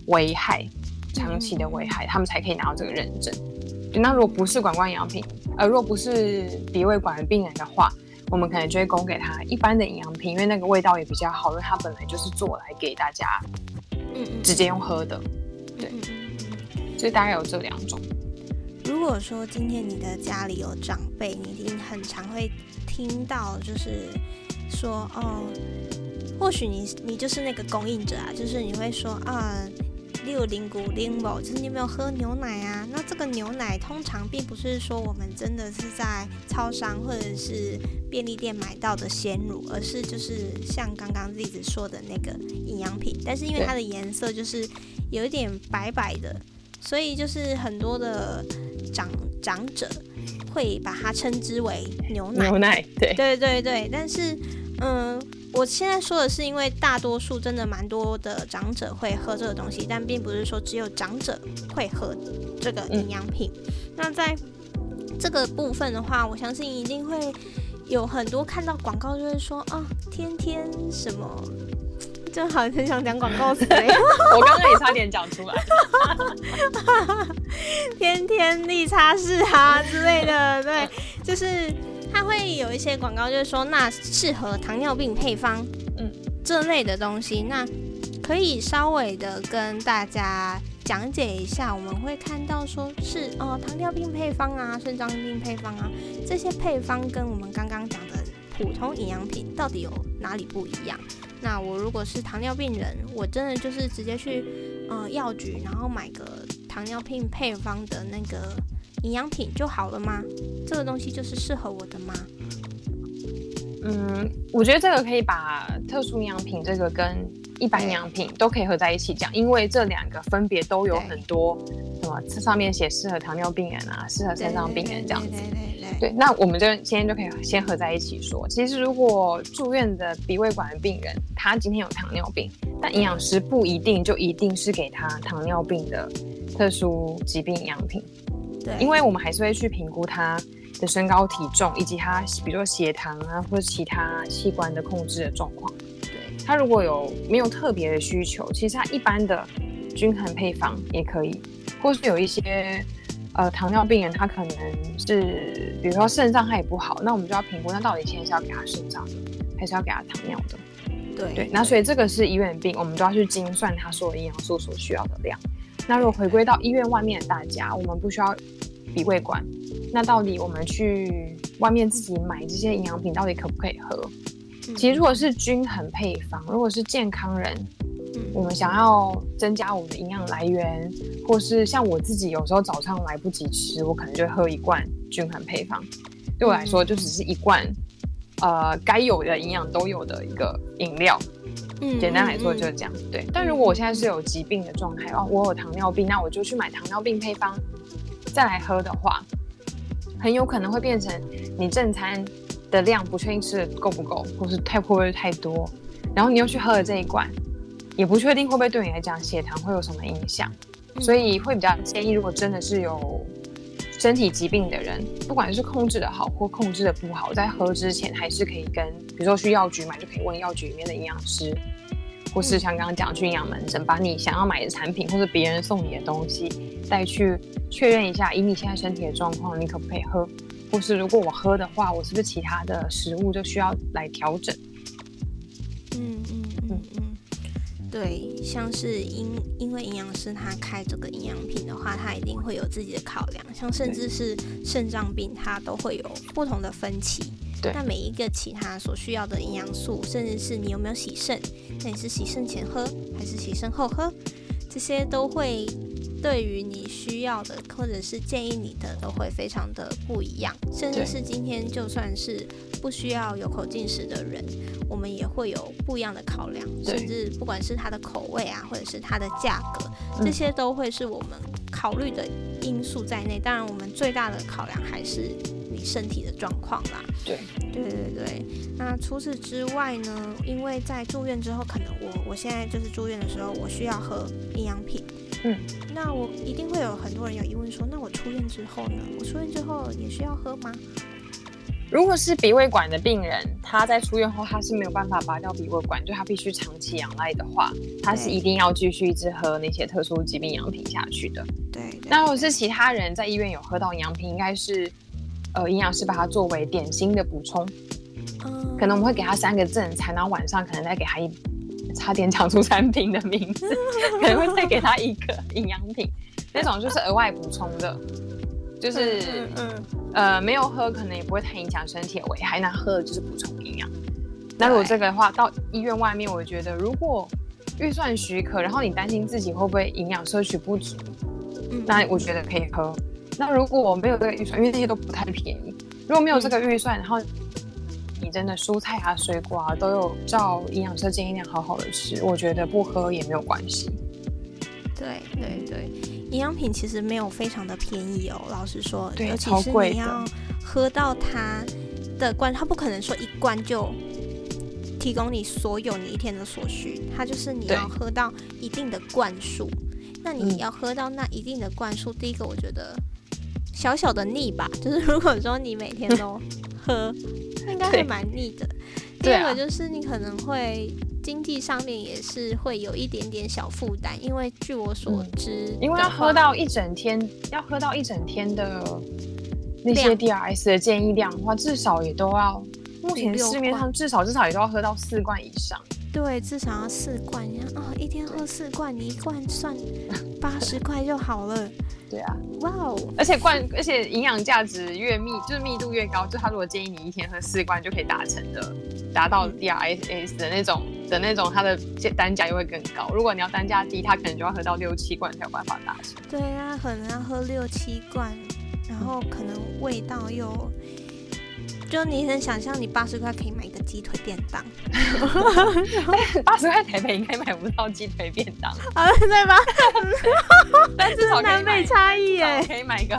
危害，長期的危害，他們才可以拿到這個認證。那如果不是管灌營養品，而如果不是鼻胃管的病人的話，我們可能就會供給他一般的營養品，因為那個味道也比較好，因為它本來就是做來給大家直接用喝的，對。所以大概有這兩種。如果說今天你的家裡有長輩，你一定很常會聽到，就是說哦，或許你你就是那個供應者啊，就是你會說啊，六零古丁，寶，就是你有沒有喝牛奶啊？那這個牛奶通常並不是說我們真的是在超商或者是便利店買到的鮮乳，而是就是像剛剛例子說的那個營養品，但是因為它的顏色就是有一點白白的。所以就是很多的長長者會把它稱之為牛奶、牛奶，對。對對對，但是，嗯，我現在說的是，因為大多數真的蠻多的長者會喝這個東西，但並不是說只有長者會喝這個營養品。嗯。那在這個部分的話，我相信一定會有很多看到廣告就說，就會說啊，天天什麼。正好像很想講廣告詞，是嗎？我剛剛也差點講出來， 天天利擦拭啊，之類的，對，就是它會有一些廣告，就是說那適合糖尿病配方，嗯，這類的東西，那可以稍微的跟大家講解一下。我們會看到說是哦，糖尿病配方啊，腎臟病配方啊，這些配方跟我們剛剛講的普通營養品到底有哪裡不一樣？那我如果是糖尿病人，我真的就是直接去，嗯、呃，藥局，然後買個糖尿病配方的那個營養品就好了嗎？這個東西就是適合我的嗎？嗯，我覺得這個可以把特殊營養品這個跟。一般營養品都可以合在一起講，因為這兩個分別都有很多什麼，這上面寫適合糖尿病人啊，適合腎臟病人這樣子。對，那我們就今天就可以先合在一起說。其實，如果住院的鼻胃管的病人，他今天有糖尿病，但營養師不一定就一定是給他糖尿病的特殊疾病營養品，對，因為我們還是會去評估他的身高體重以及他，比如說血糖啊或者，其他器官的控制的狀況。他如果有沒有特別的需求，其實他一般的均衡配方也可以，或是有一些呃糖尿病人，他可能是比如說腎臟他也不好，那我們就要評估，那到底現在是要給他腎臟，還是要給他糖尿的。對對，那所以這個是醫院的病，我們就要去精算他所有營養素所需要的量。那如果回歸到醫院外面的大家，我們不需要鼻胃管，那到底我們去外面自己買這些營養品，到底可不可以喝？其實如果是均衡配方，如果是健康人，嗯，我們想要增加我們的營養來源，或是像我自己有時候早上來不及吃，我可能就喝一罐均衡配方，對我來說就只是一罐，嗯，呃，該有的營養都有的一個飲料。嗯，簡單來說就是這樣。對，但如果我現在是有疾病的狀態，哦，我有糖尿病，那我就去買糖尿病配方再來喝的話，很有可能會變成你正餐的量不確定吃的夠不夠，或是太會不會太多，然後你又去喝了這一罐，也不確定會不會對你來講血糖會有什麼影響，嗯，所以會比較建議，如果真的是有身體疾病的人，不管是控制的好或控制的不好，在喝之前還是可以跟，比如說去藥局買，就可以問藥局裡面的營養師，嗯，或是像剛剛講去營養門診，把你想要買的產品或者別人送你的東西，再去確認一下，以你現在身體的狀況，你可不可以喝。或是如果我喝的話，我是不是其他的食物就需要來調整？嗯嗯嗯嗯，對，像是因因為營養師他開這個營養品的話，他一定會有自己的考量，像甚至是腎臟病，他都會有不同的分歧。對，那每一個其他所需要的營養素，甚至是你有沒有洗腎，那你是洗腎前喝還是洗腎後喝，這些都會。對於你需要的，或者是建議你的，都會非常的不一樣。對。甚至是今天就算是不需要有口進食的人，我們也會有不一樣的考量。對。甚至不管是它的口味啊，或者是它的價格，這些都會是我們考慮的因素在內。當然，我們最大的考量還是你身體的狀況啦。對。對對對對。那除此之外呢？因為在住院之後，可能我我現在就是住院的時候，我需要喝營養品。嗯，那我一定會有很多人有疑問說，說那我出院之後呢？我出院之後也需要喝嗎？如果是鼻胃管的病人，他在出院後他是沒有辦法拔掉鼻胃管，就他必須長期仰賴的話，他是一定要繼續一直喝那些特殊疾病養品下去的。對。對對對，那如果是其他人在醫院有喝到養品，應該是，呃，營養師把它作為點心的補充、嗯，可能我們會給他三個正餐，然後晚上可能再給他一。差點講出產品的名字，可能會再給他一個營養品， 那種就是額外補充的，就是 呃，沒有喝可能也不會太影響身體，我還能喝的就是補充營養。那如果這個的話，到醫院外面，我覺得如果預算許可，然後你擔心自己會不會營養攝取不足，嗯，那我覺得可以喝。那如果我沒有這個預算，因為這些都不太便宜，如果沒有這個預算，然後。真的蔬菜啊、水果啊都有照營養師建議量好好的吃，我覺得不喝也沒有關係。對對對，營養品其實沒有非常的便宜哦，老實說，對，超貴，尤其是你要喝到它的罐的，它不可能說一罐就提供你所有你一天的所需，它就是你要喝到一定的罐數。那你要喝到那一定的罐數，嗯，第一個我覺得。小小的膩吧，就是如果說你每天都喝， 應該會蠻膩的。第二個就是你可能會經濟上面也是會有一點點小負擔，因為據我所知，因為要喝到一整天，要喝到一整天的那些 DRS 的建議量的話，至少也都要，目前市面上至少至少也都要喝到四罐以上。對，至少要四罐，哦，一天喝四罐，你一罐算八十塊就好了。 對啊，哇、wow、哦！而且罐，而且營養價值越密，就是密度越高，就他如果建議你一天喝四罐就可以達成的，達到 DRSS 的那種、嗯、的那種，它的、的單價又會更高。如果你要單價低，他可能就要喝到六七罐才有辦法達成。對、啊，他可能要喝六七罐，然後可能味道又。就你很想像，你八十塊可以買一個雞腿便當。八十塊台北應該買不到雞腿便當， 好對吧？ 但是南北差異耶，可以，可以買個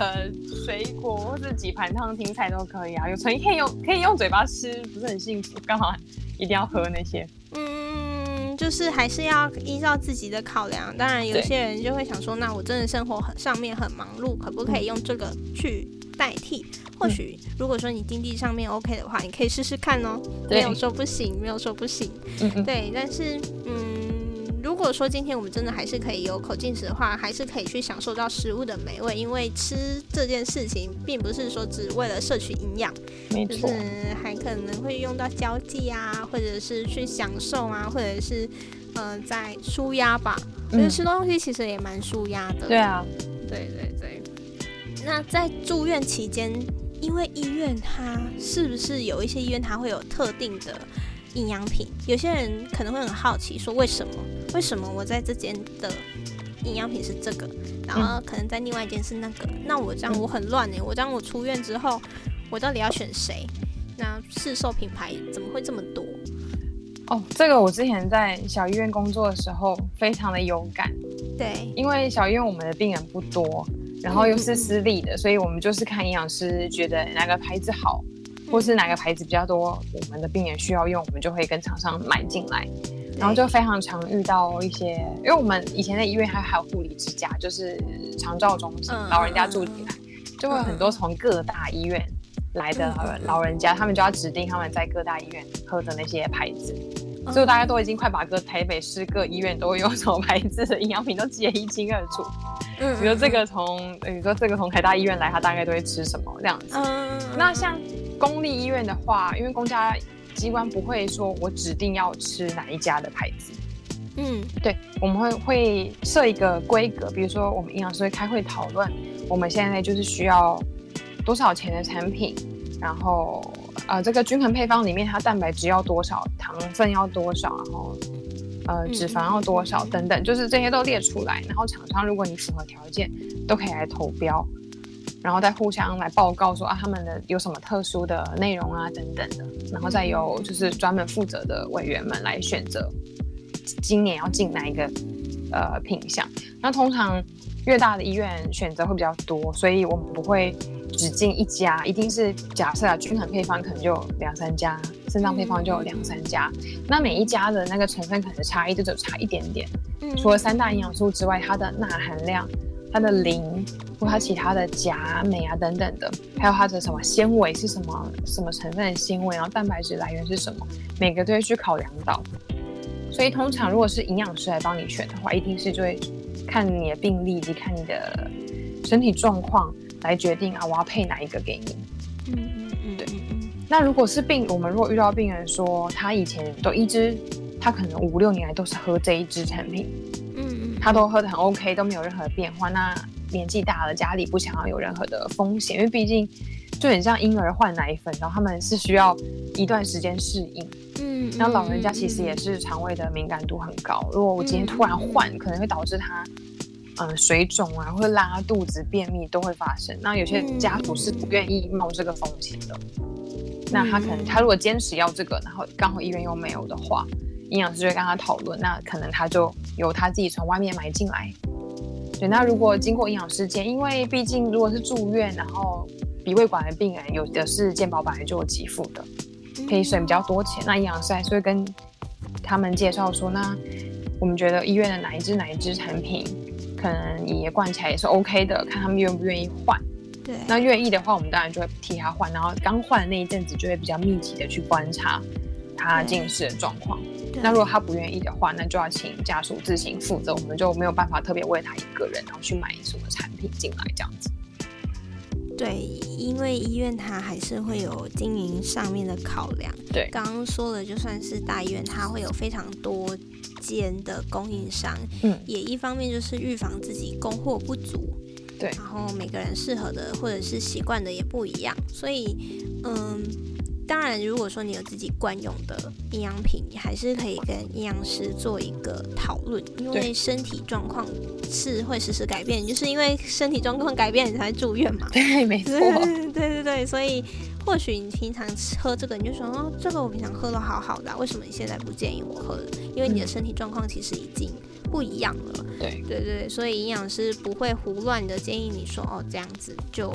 水果或者幾盤燙青菜都可以啊。有純可以用可以用嘴巴吃，不是很幸福，幹嘛一定要喝那些。嗯，就是還是要依照自己的考量。當然，有些人就會想說，那我真的生活很上面很忙碌，可不可以用這個去？嗯代替，或許、嗯、如果說你經濟上面 OK 的話，你可以試試看哦、喔。沒有說不行，沒有說不行。嗯、對，但是嗯，如果說今天我們真的還是可以有口進食的話，還是可以去享受到食物的美味，因為吃這件事情並不是說只為了攝取營養，沒錯，就是還可能會用到交際啊，或者是去享受啊，或者是呃，在舒壓吧。其實吃東西其實也蠻舒壓的、嗯。對啊，對對對。那在住院期間，因為醫院它是不是有一些醫院它會有特定的營養品？有些人可能會很好奇，說為什麼為什麼我在這間的營養品是這個，然後可能在另外一間是那個、嗯。那我這樣我很亂呢、欸。我這樣我出院之後，我到底要選誰？那市售品牌怎麼會這麼多？哦，這個我之前在小醫院工作的時候非常的勇敢，對，因為小醫院我們的病人不多。然後又是私立的，所以我們就是看營養師覺得哪個牌子好，或是哪個牌子比較多，我們的病人需要用，我們就會跟廠商買進來。然後就非常常遇到一些，因為我們以前在醫院還還有護理之家，就是長照中心，嗯、老人家住進來，嗯、就會很多從各大醫院來的老人，嗯、老人家，他們就要指定他們在各大醫院喝的那些牌子。所以大家都已經快把各台北市各醫院都用什麼牌子的營養品都記得一清二楚，嗯。比如說這個從，比如說這個從台大醫院來，他大概都會吃什麼這樣子。嗯、嗯、嗯、嗯，那像公立醫院的話，因為公家機關不會說我指定要吃哪一家的牌子。嗯，對，我們會會設一個規格，比如說我們營養師會開會討論，我們現在就是需要多少錢的產品，然後。啊、呃，這個均衡配方裡面，它蛋白質要多少，糖分要多少，然後呃，脂肪要多少、嗯、等等，就是這些都列出來。然後廠商如果你符合條件，都可以來投標，然後再互相來報告說啊，他們的有什麼特殊的內容啊等等的，然後再由就是專門負責的委員們來選擇今年要進哪一個呃品項。那通常越大的醫院選擇會比較多，所以我們不會。只進一家，一定是假設啊。均衡配方可能就有兩三家，腎臟配方就有兩三家。嗯。那每一家的那個成分可能差異就只差一點點。嗯。除了三大營養素之外，它的鈉含量、它的磷、或它其他的鉀、鎂啊等等的，還有它的什麼纖維是什麼什麼成分的纖維，然後蛋白質來源是什麼，每個都會去考量到。所以通常如果是營養師來幫你選的話，一定是就會看你的病例以及看你的身體狀況，來決定啊，我要配哪一個給你？嗯嗯，對。那如果是病，我們如果遇到病人說他以前都一直，他可能五六年來都是喝這一支產品，嗯嗯，他都喝得很 OK，都沒有任何變化。那年紀大了，家裡不想要有任何的風險，因為畢竟就很像嬰兒換奶粉，然後他們是需要一段時間適應。嗯，那老人家其實也是腸胃的敏感度很高，如果我今天突然換，可能會導致他。嗯，水腫啊，或拉肚子、便秘都會發生。那有些家屬是不願意冒這個風險的。Mm -hmm. 那他可能，他如果堅持要這個，然後剛好醫院又沒有的話，營養師就會跟他討論。那可能他就由他自己從外面買進來。對，那如果經過營養師建議，因為畢竟如果是住院，然後鼻胃管的病人，有的是健保本來就有給付的，可以省比較多錢。那營養師還是會跟他們介紹說，那我們覺得醫院的哪一支哪一支產品。可能爺也換起來也是 OK 的，看他們願不願意換。對，那願意的話，我們當然就會替他換，然後剛換的那一陣子就會比較密集的去觀察他近視的狀況。那如果他不願意的話，那就要請家屬自行負責，我們就沒有辦法特別為他一個人然後去買一些什麼產品進來這樣子。對，因為醫院它還是會有經營上面的考量。對，剛剛說的就算是大醫院，它會有非常多間的供應商，嗯，也一方面就是預防自己供貨不足。對，然後每個人適合的或者是習慣的也不一樣，所以，嗯。當然，如果說你有自己慣用的營養品，你還是可以跟營養師做一個討論，因為身體狀況是會時時改變，就是因為身體狀況改變你才會住院嘛。對，沒錯。對對對，所以或許你平常喝這個，你就說哦，這個我平常喝得好好的啊，為什麼你現在不建議我喝？因為你的身體狀況其實已經不一樣了。嗯，對對對，所以營養師不會胡亂的建議你說哦，這樣子就。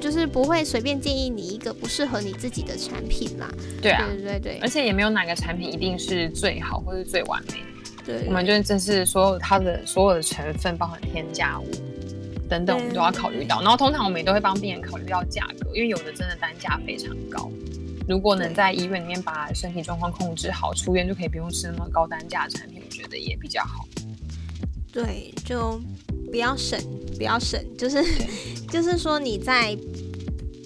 就是不會隨便建議你一個不適合你自己的產品嘛。對啊，對對對，而且也沒有哪個產品一定是最好或是最完美。對，對，對，我們就真是所有它的所有的成分，包含添加物等等，我們都要考慮到。然後通常我們也都會幫病人考慮到價格，因為有的真的單價非常高。如果能在醫院裡面把身體狀況控制好，出院就可以不用吃那麼高單價的產品，我覺得也比較好。對，就。不要省，不要省，就是就是說你在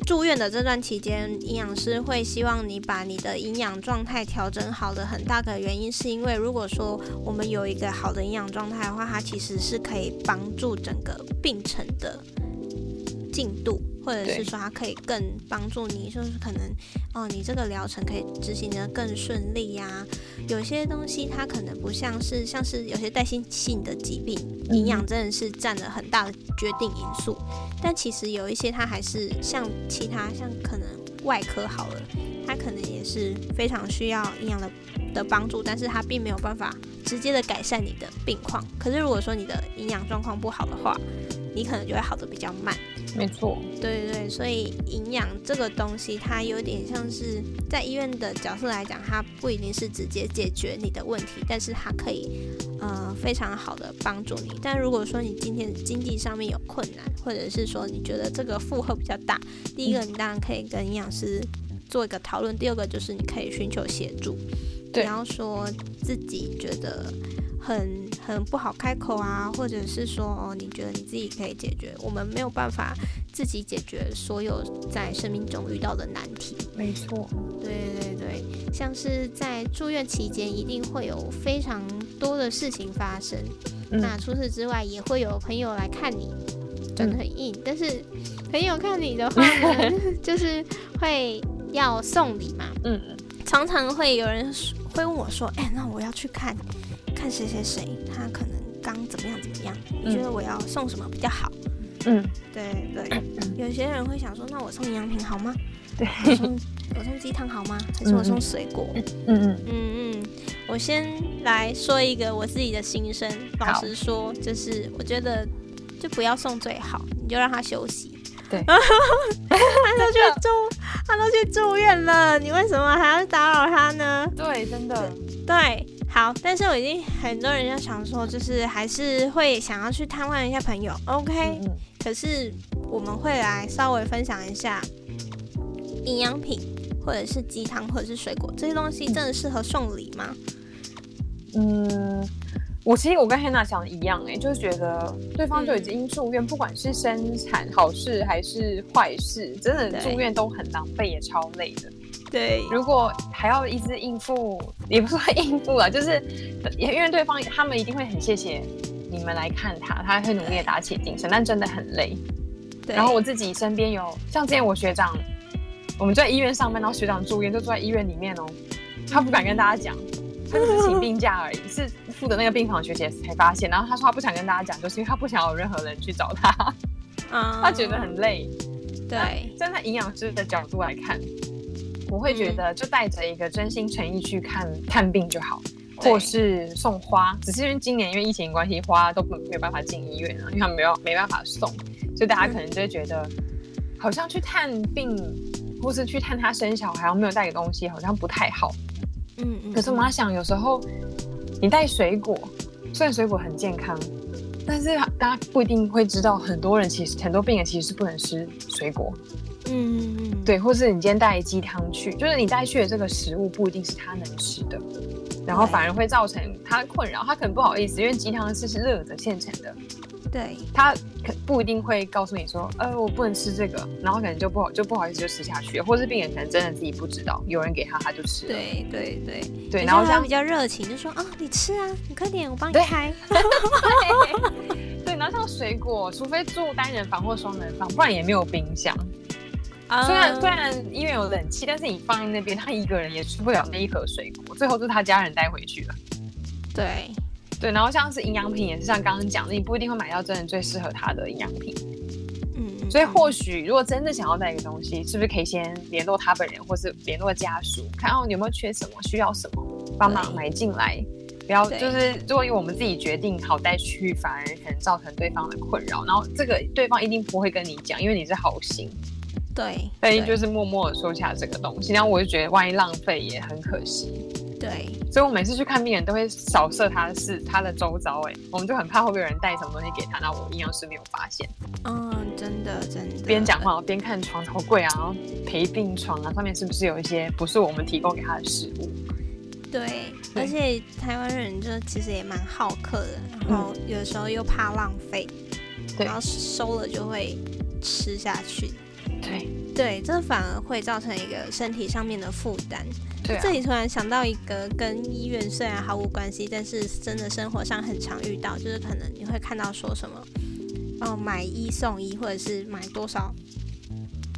住院的這段期間，營養師會希望你把你的營養狀態調整好的，很大的原因是因為，如果說我們有一個好的營養狀態的話，它其實是可以幫助整個病程的。進度，或者是說它可以更幫助你，就是可能哦，你這個療程可以執行得更順利呀，啊。有些東西它可能不像是，像是有些代謝性性的疾病，營養真的是占了很大的決定因素，嗯。但其實有一些它還是像其他，像可能外科好了，它可能也是非常需要營養的的幫助，但是它並沒有辦法直接的改善你的病況。可是如果說你的營養狀況不好的話，你可能就會好的比較慢。沒錯，對對，所以營養這個東西，它有點像是在醫院的角色來講，它不一定是直接解決你的問題，但是它可以，呃，非常好的幫助你。但如果說你今天經濟上面有困難，或者是說你覺得這個負荷比較大，第一個你當然可以跟營養師做一個討論，第二個就是你可以尋求協助。對。然後說自己覺得。很很不好開口啊，或者是說哦，你覺得你自己可以解決？我們沒有辦法自己解決所有在生命中遇到的難題。沒錯，對對對，像是在住院期間，一定會有非常多的事情發生。嗯、那除此之外，也會有朋友來看你，真的很硬、嗯，但是朋友看你的話呢， 就是會要送禮嘛。嗯，常常會有人會問我說：“哎、欸，那我要去看。”看誰誰誰，他可能剛怎麼樣怎麼樣，你覺得我要送什麼比較好？嗯，對對，有些人會想說，那我送營養品好嗎？對，我，我送雞湯好嗎？還是我送水果？嗯嗯嗯嗯，嗯，我先來說一個我自己的心聲，老實說，就是我覺得就不要送最好，你就讓他休息。對， 他都去住，他都去住院了，你為什麼還要打擾他呢？對，真的，對。對好，但是我已經很多人要想說，就是還是會想要去探望一下朋友，OK？、嗯、可是我們會來稍微分享一下營養品，或者是雞湯或者是水果這些東西，真的適合送禮嗎？嗯，我其實我跟 Hanna 想的一樣、欸，哎，就是覺得對方就已經住院，嗯、不管是生產好事還是壞事，真的住院都很狼狽，也超累的。對，如果還要一直應付，也不是應付啊，就是也因為對方他們一定會很謝謝你們來看他，他會努力打起精神，但真的很累。對，然後我自己身邊有，像之前我學長，我們在醫院上班，然後學長住院，就住在醫院裡面哦，他不敢跟大家講， 他只是請病假而已，是住的那個病房學姐才發現，然後他說他不想跟大家講，就是因為他不想有任何人去找他，嗯， 他覺得很累。對、啊，站在營養師的角度來看。我會覺得，就帶着一個真心誠意去看病就好，嗯，或是送花。只是因為今年因為疫情關係，花都沒辦法進醫院啊，因為沒有沒辦法送，所以大家可能就會覺得，嗯，好像去探病，或是去探他生小孩，沒有帶的東西好像不太好。嗯，嗯，可是我在想，嗯，有時候你帶水果，雖然水果很健康，但是大家不一定會知道，很多人其實很多病人其實是不能吃水果。嗯對，或是你今天帶雞湯去，就是你帶去的這個食物不一定是他能吃的，然後反而會造成他困擾，他可能不好意思，因為雞湯是是熱的現成的，對，他不一定會告訴你說，呃，我不能吃這個，然後可能就不好就不好意思就吃下去，或是病人可能真的自己不知道，有人給他他就吃了，對對對對，然後他比較熱情就說，啊、哦你吃啊，你快點，我幫你開，對， 對、對， 對，然後像水果，除非住單人房或雙人房，不然也沒有冰箱。雖然雖然因為有冷氣，但是你放在那邊，他一個人也吃不了那一盒水果，最後就是他家人帶回去了。對對，然後像是營養品，也是像剛剛講的，你不一定會買到真人最適合他的營養品。嗯，嗯，嗯，所以或許如果真的想要帶一個東西，是不是可以先聯絡他本人，或是聯絡家屬，看哦有沒有缺什麼，需要什麼幫忙買進來，嗯。不要就是如果我們自己決定好帶去，反而可能造成對方的困擾。然後這個對方一定不會跟你講，因為你是好心。對，所以就是默默的收下這個東西，然後我就覺得萬一浪費也很可惜。對，所以我每次去看病人都會掃射他事，他的周遭，欸，哎，我們就很怕會不會有人帶什麼東西給他，那我營養師沒有發現。嗯，真的真的。邊講話邊看床頭櫃啊，然後陪病床啊，上面是不是有一些不是我們提供給他的食物？對，對而且台灣人就其實也蠻好客的，然後有時候又怕浪費，嗯，然後收了就會吃下去。對、嗯、對，這反而會造成一個身體上面的負擔。對啊、這裡突然想到一個跟醫院雖然毫無關係，但是真的生活上很常遇到，就是可能你會看到說什麼哦，買一送一，或者是買多少。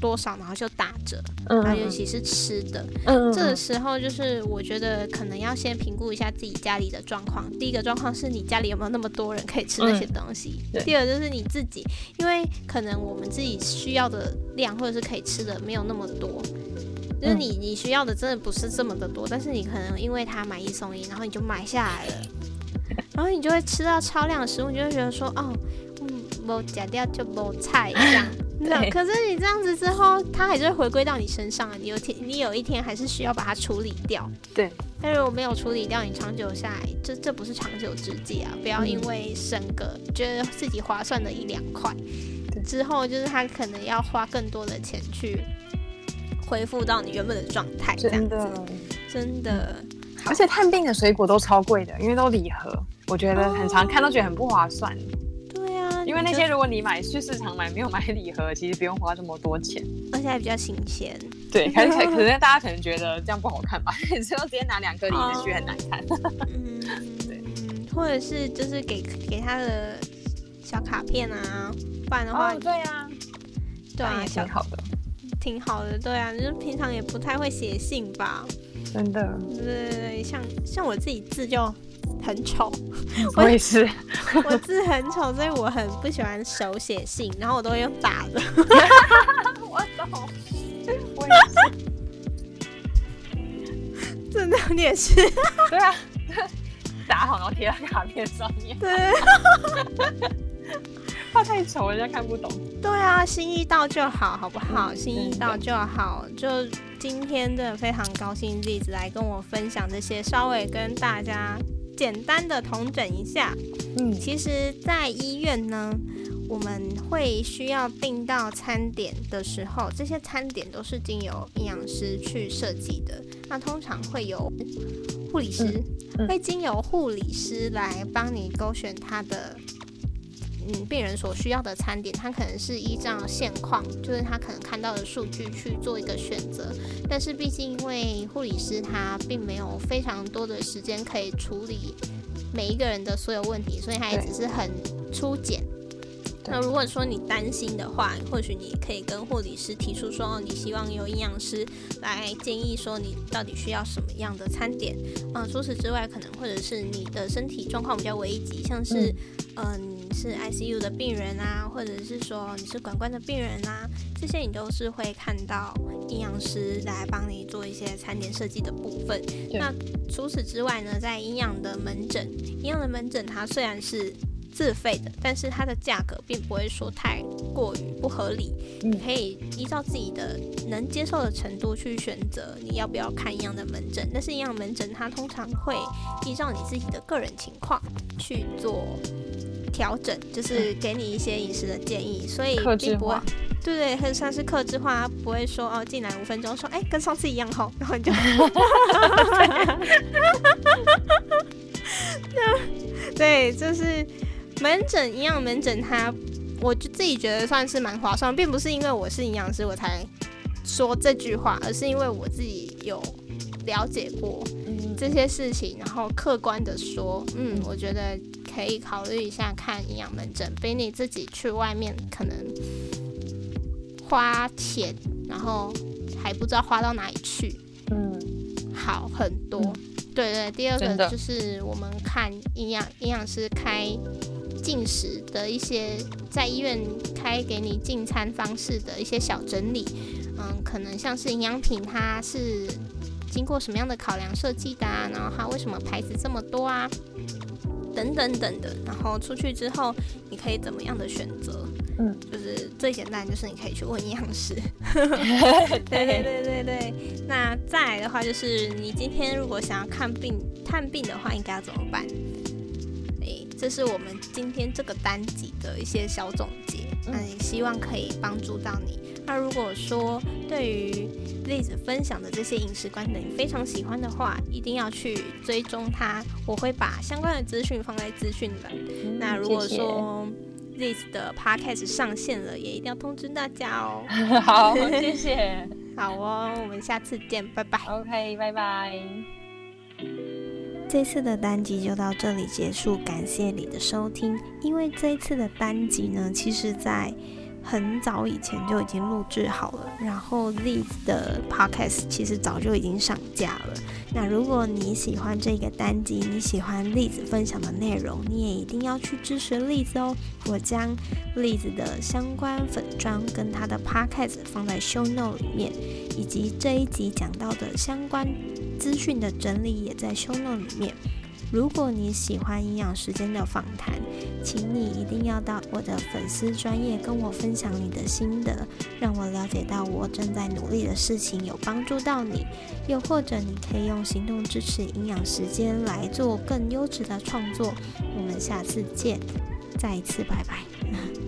多少，然後就打折，然後尤其是吃的，嗯，嗯嗯嗯這個、時候就是我覺得可能要先評估一下自己家裡的狀況、嗯。第一個狀況是你家裡有沒有那麼多人可以吃那些東西、嗯，第二就是你自己，因為可能我們自己需要的量或者是可以吃的沒有那麼多，就是你、嗯、你需要的真的不是這麼的多，但是你可能因為它買一送一，然後你就買下來了，然後你就會吃到超量的食物，你就會覺得說哦，嗯，我沒吃掉就沒菜這樣。可是你這樣子之後，它還是會回歸到你身上啊！你有天，你有一天還是需要把它處理掉。對。但如果沒有處理掉，你長久下來，這這不是長久之計啊！不要因為省個、嗯、覺得自己划算的一兩塊，之後就是他可能要花更多的錢去恢復到你原本的狀態這樣子。真的，真的。而且探病的水果都超貴的，因為都禮盒，我覺得很常看都覺得很不划算。哦因為那些如果你買你去市場買，沒有買禮盒，其實不用花這麼多錢，而且還比較新鮮。對， 可是可能大家可能覺得這樣不好看吧，你之後直接拿兩個禮盒去很難看。嗯、oh, 對。或者是就是給給他的小卡片啊，不然的話，oh, 對啊，對，啊，挺好的，挺好的。對啊，就是平常也不太會寫信吧，真的，對，是像像我自己字就。很醜，我也是，我，我字很醜，所以我很不喜歡手寫信，然後我都會用打的。 我懂，我也是。 真的有點事，你也是？對啊，打好了貼在卡片上面。對，畫 太醜，人家看不懂。對啊，心意到就好，好不好？心意到就好。就今天的非常高興，一直來跟我分享這些，稍微跟大家。簡單的統整一下，嗯，其實在醫院呢，我們會需要訂到餐點的時候，這些餐點都是經由營養師去設計的。那通常會有護理師，會經由護理師來幫你勾選他的。嗯，病人所需要的餐點，他可能是依照現況，就是他可能看到的數據去做一個選擇。但是畢竟因為護理師他並沒有非常多的時間可以處理每一個人的所有問題，所以他也只是很粗簡。那如果說你擔心的話，或許你可以跟護理師提出說，哦，你希望有營養師來建議說你到底需要什麼樣的餐點。嗯、呃，除此之外，可能或者是你的身體狀況比較危急，像是嗯。呃是 ICU 的病人啊，或者是說你是管灌的病人啊，這些你都是會看到營養師來幫你做一些餐點設計的部分。那除此之外呢，在營養的門診，營養的門診它雖然是自費的，但是它的價格並不會說太過於不合理。嗯，你可以依照自己的能接受的程度去選擇你要不要看營養的門診。但是營養門診它通常會依照你自己的個人情況去做。調整就是給你一些飲食的建議、嗯，所以並不會，對，對很算是客製化，不會說，哦進來五分鐘說哎、欸、跟上次一樣好、哦，然後你就。 對，就是門診營養門診，他我就自己覺得算是蠻划算，並不是因為我是營養師我才說這句話，而是因為我自己有了解過這些事情，嗯、然後客觀的說，嗯，我覺得。可以考慮一下看營養門診，比你自己去外面可能花錢，然後還不知道花到哪裡去，嗯，好很多，嗯。對對，第二個就是我們看營養營養師開進食的一些，在醫院開給你進餐方式的一些小整理，嗯，可能像是營養品它是經過什麼樣的考量設計的啊，然後它為什麼牌子這麼多啊？等，等等等的，然後出去之後，你可以怎麼樣的選擇？嗯，就是最簡單，就是你可以去問營養師。 對，對對對對， 那再來的話，就是你今天如果想要看病探病的話，應該要怎麼辦？哎，這是我們今天這個單集的一些小總結，嗯、那也希望可以幫助到你。那、啊、如果說對於 l 子分享的這些飲食觀點你非常喜歡的話，一定要去追蹤它。我會把相關的資訊放在資訊欄、嗯。那如果說 l 子的 p o 始 a s 上線了，也一定要通知大家哦。好， 謝謝。好哦，我們下次見，拜拜。OK，拜拜。這次的單集就到這裡結束，感謝你的收聽。因為這一次的單集呢，其實，在很早以前就已經錄製好了，然後 Liz 的 podcast 其實早就已經上架了。那如果你喜歡這個單集，你喜歡 Liz 分享的內容，你也一定要去支持 Liz 哦。我將 Liz 的相關粉專跟他的 podcast 放在 show note 裡面，以及這一集講到的相關資訊的整理也在 show note 裡面。如果你喜歡《營養時間》的訪談，請你一定要到我的粉絲專頁跟我分享你的心得，讓我了解到我正在努力的事情有幫助到你。又或者，你可以用行動支持《營養時間》，來做更優質的創作。我們下次見，再一次拜拜。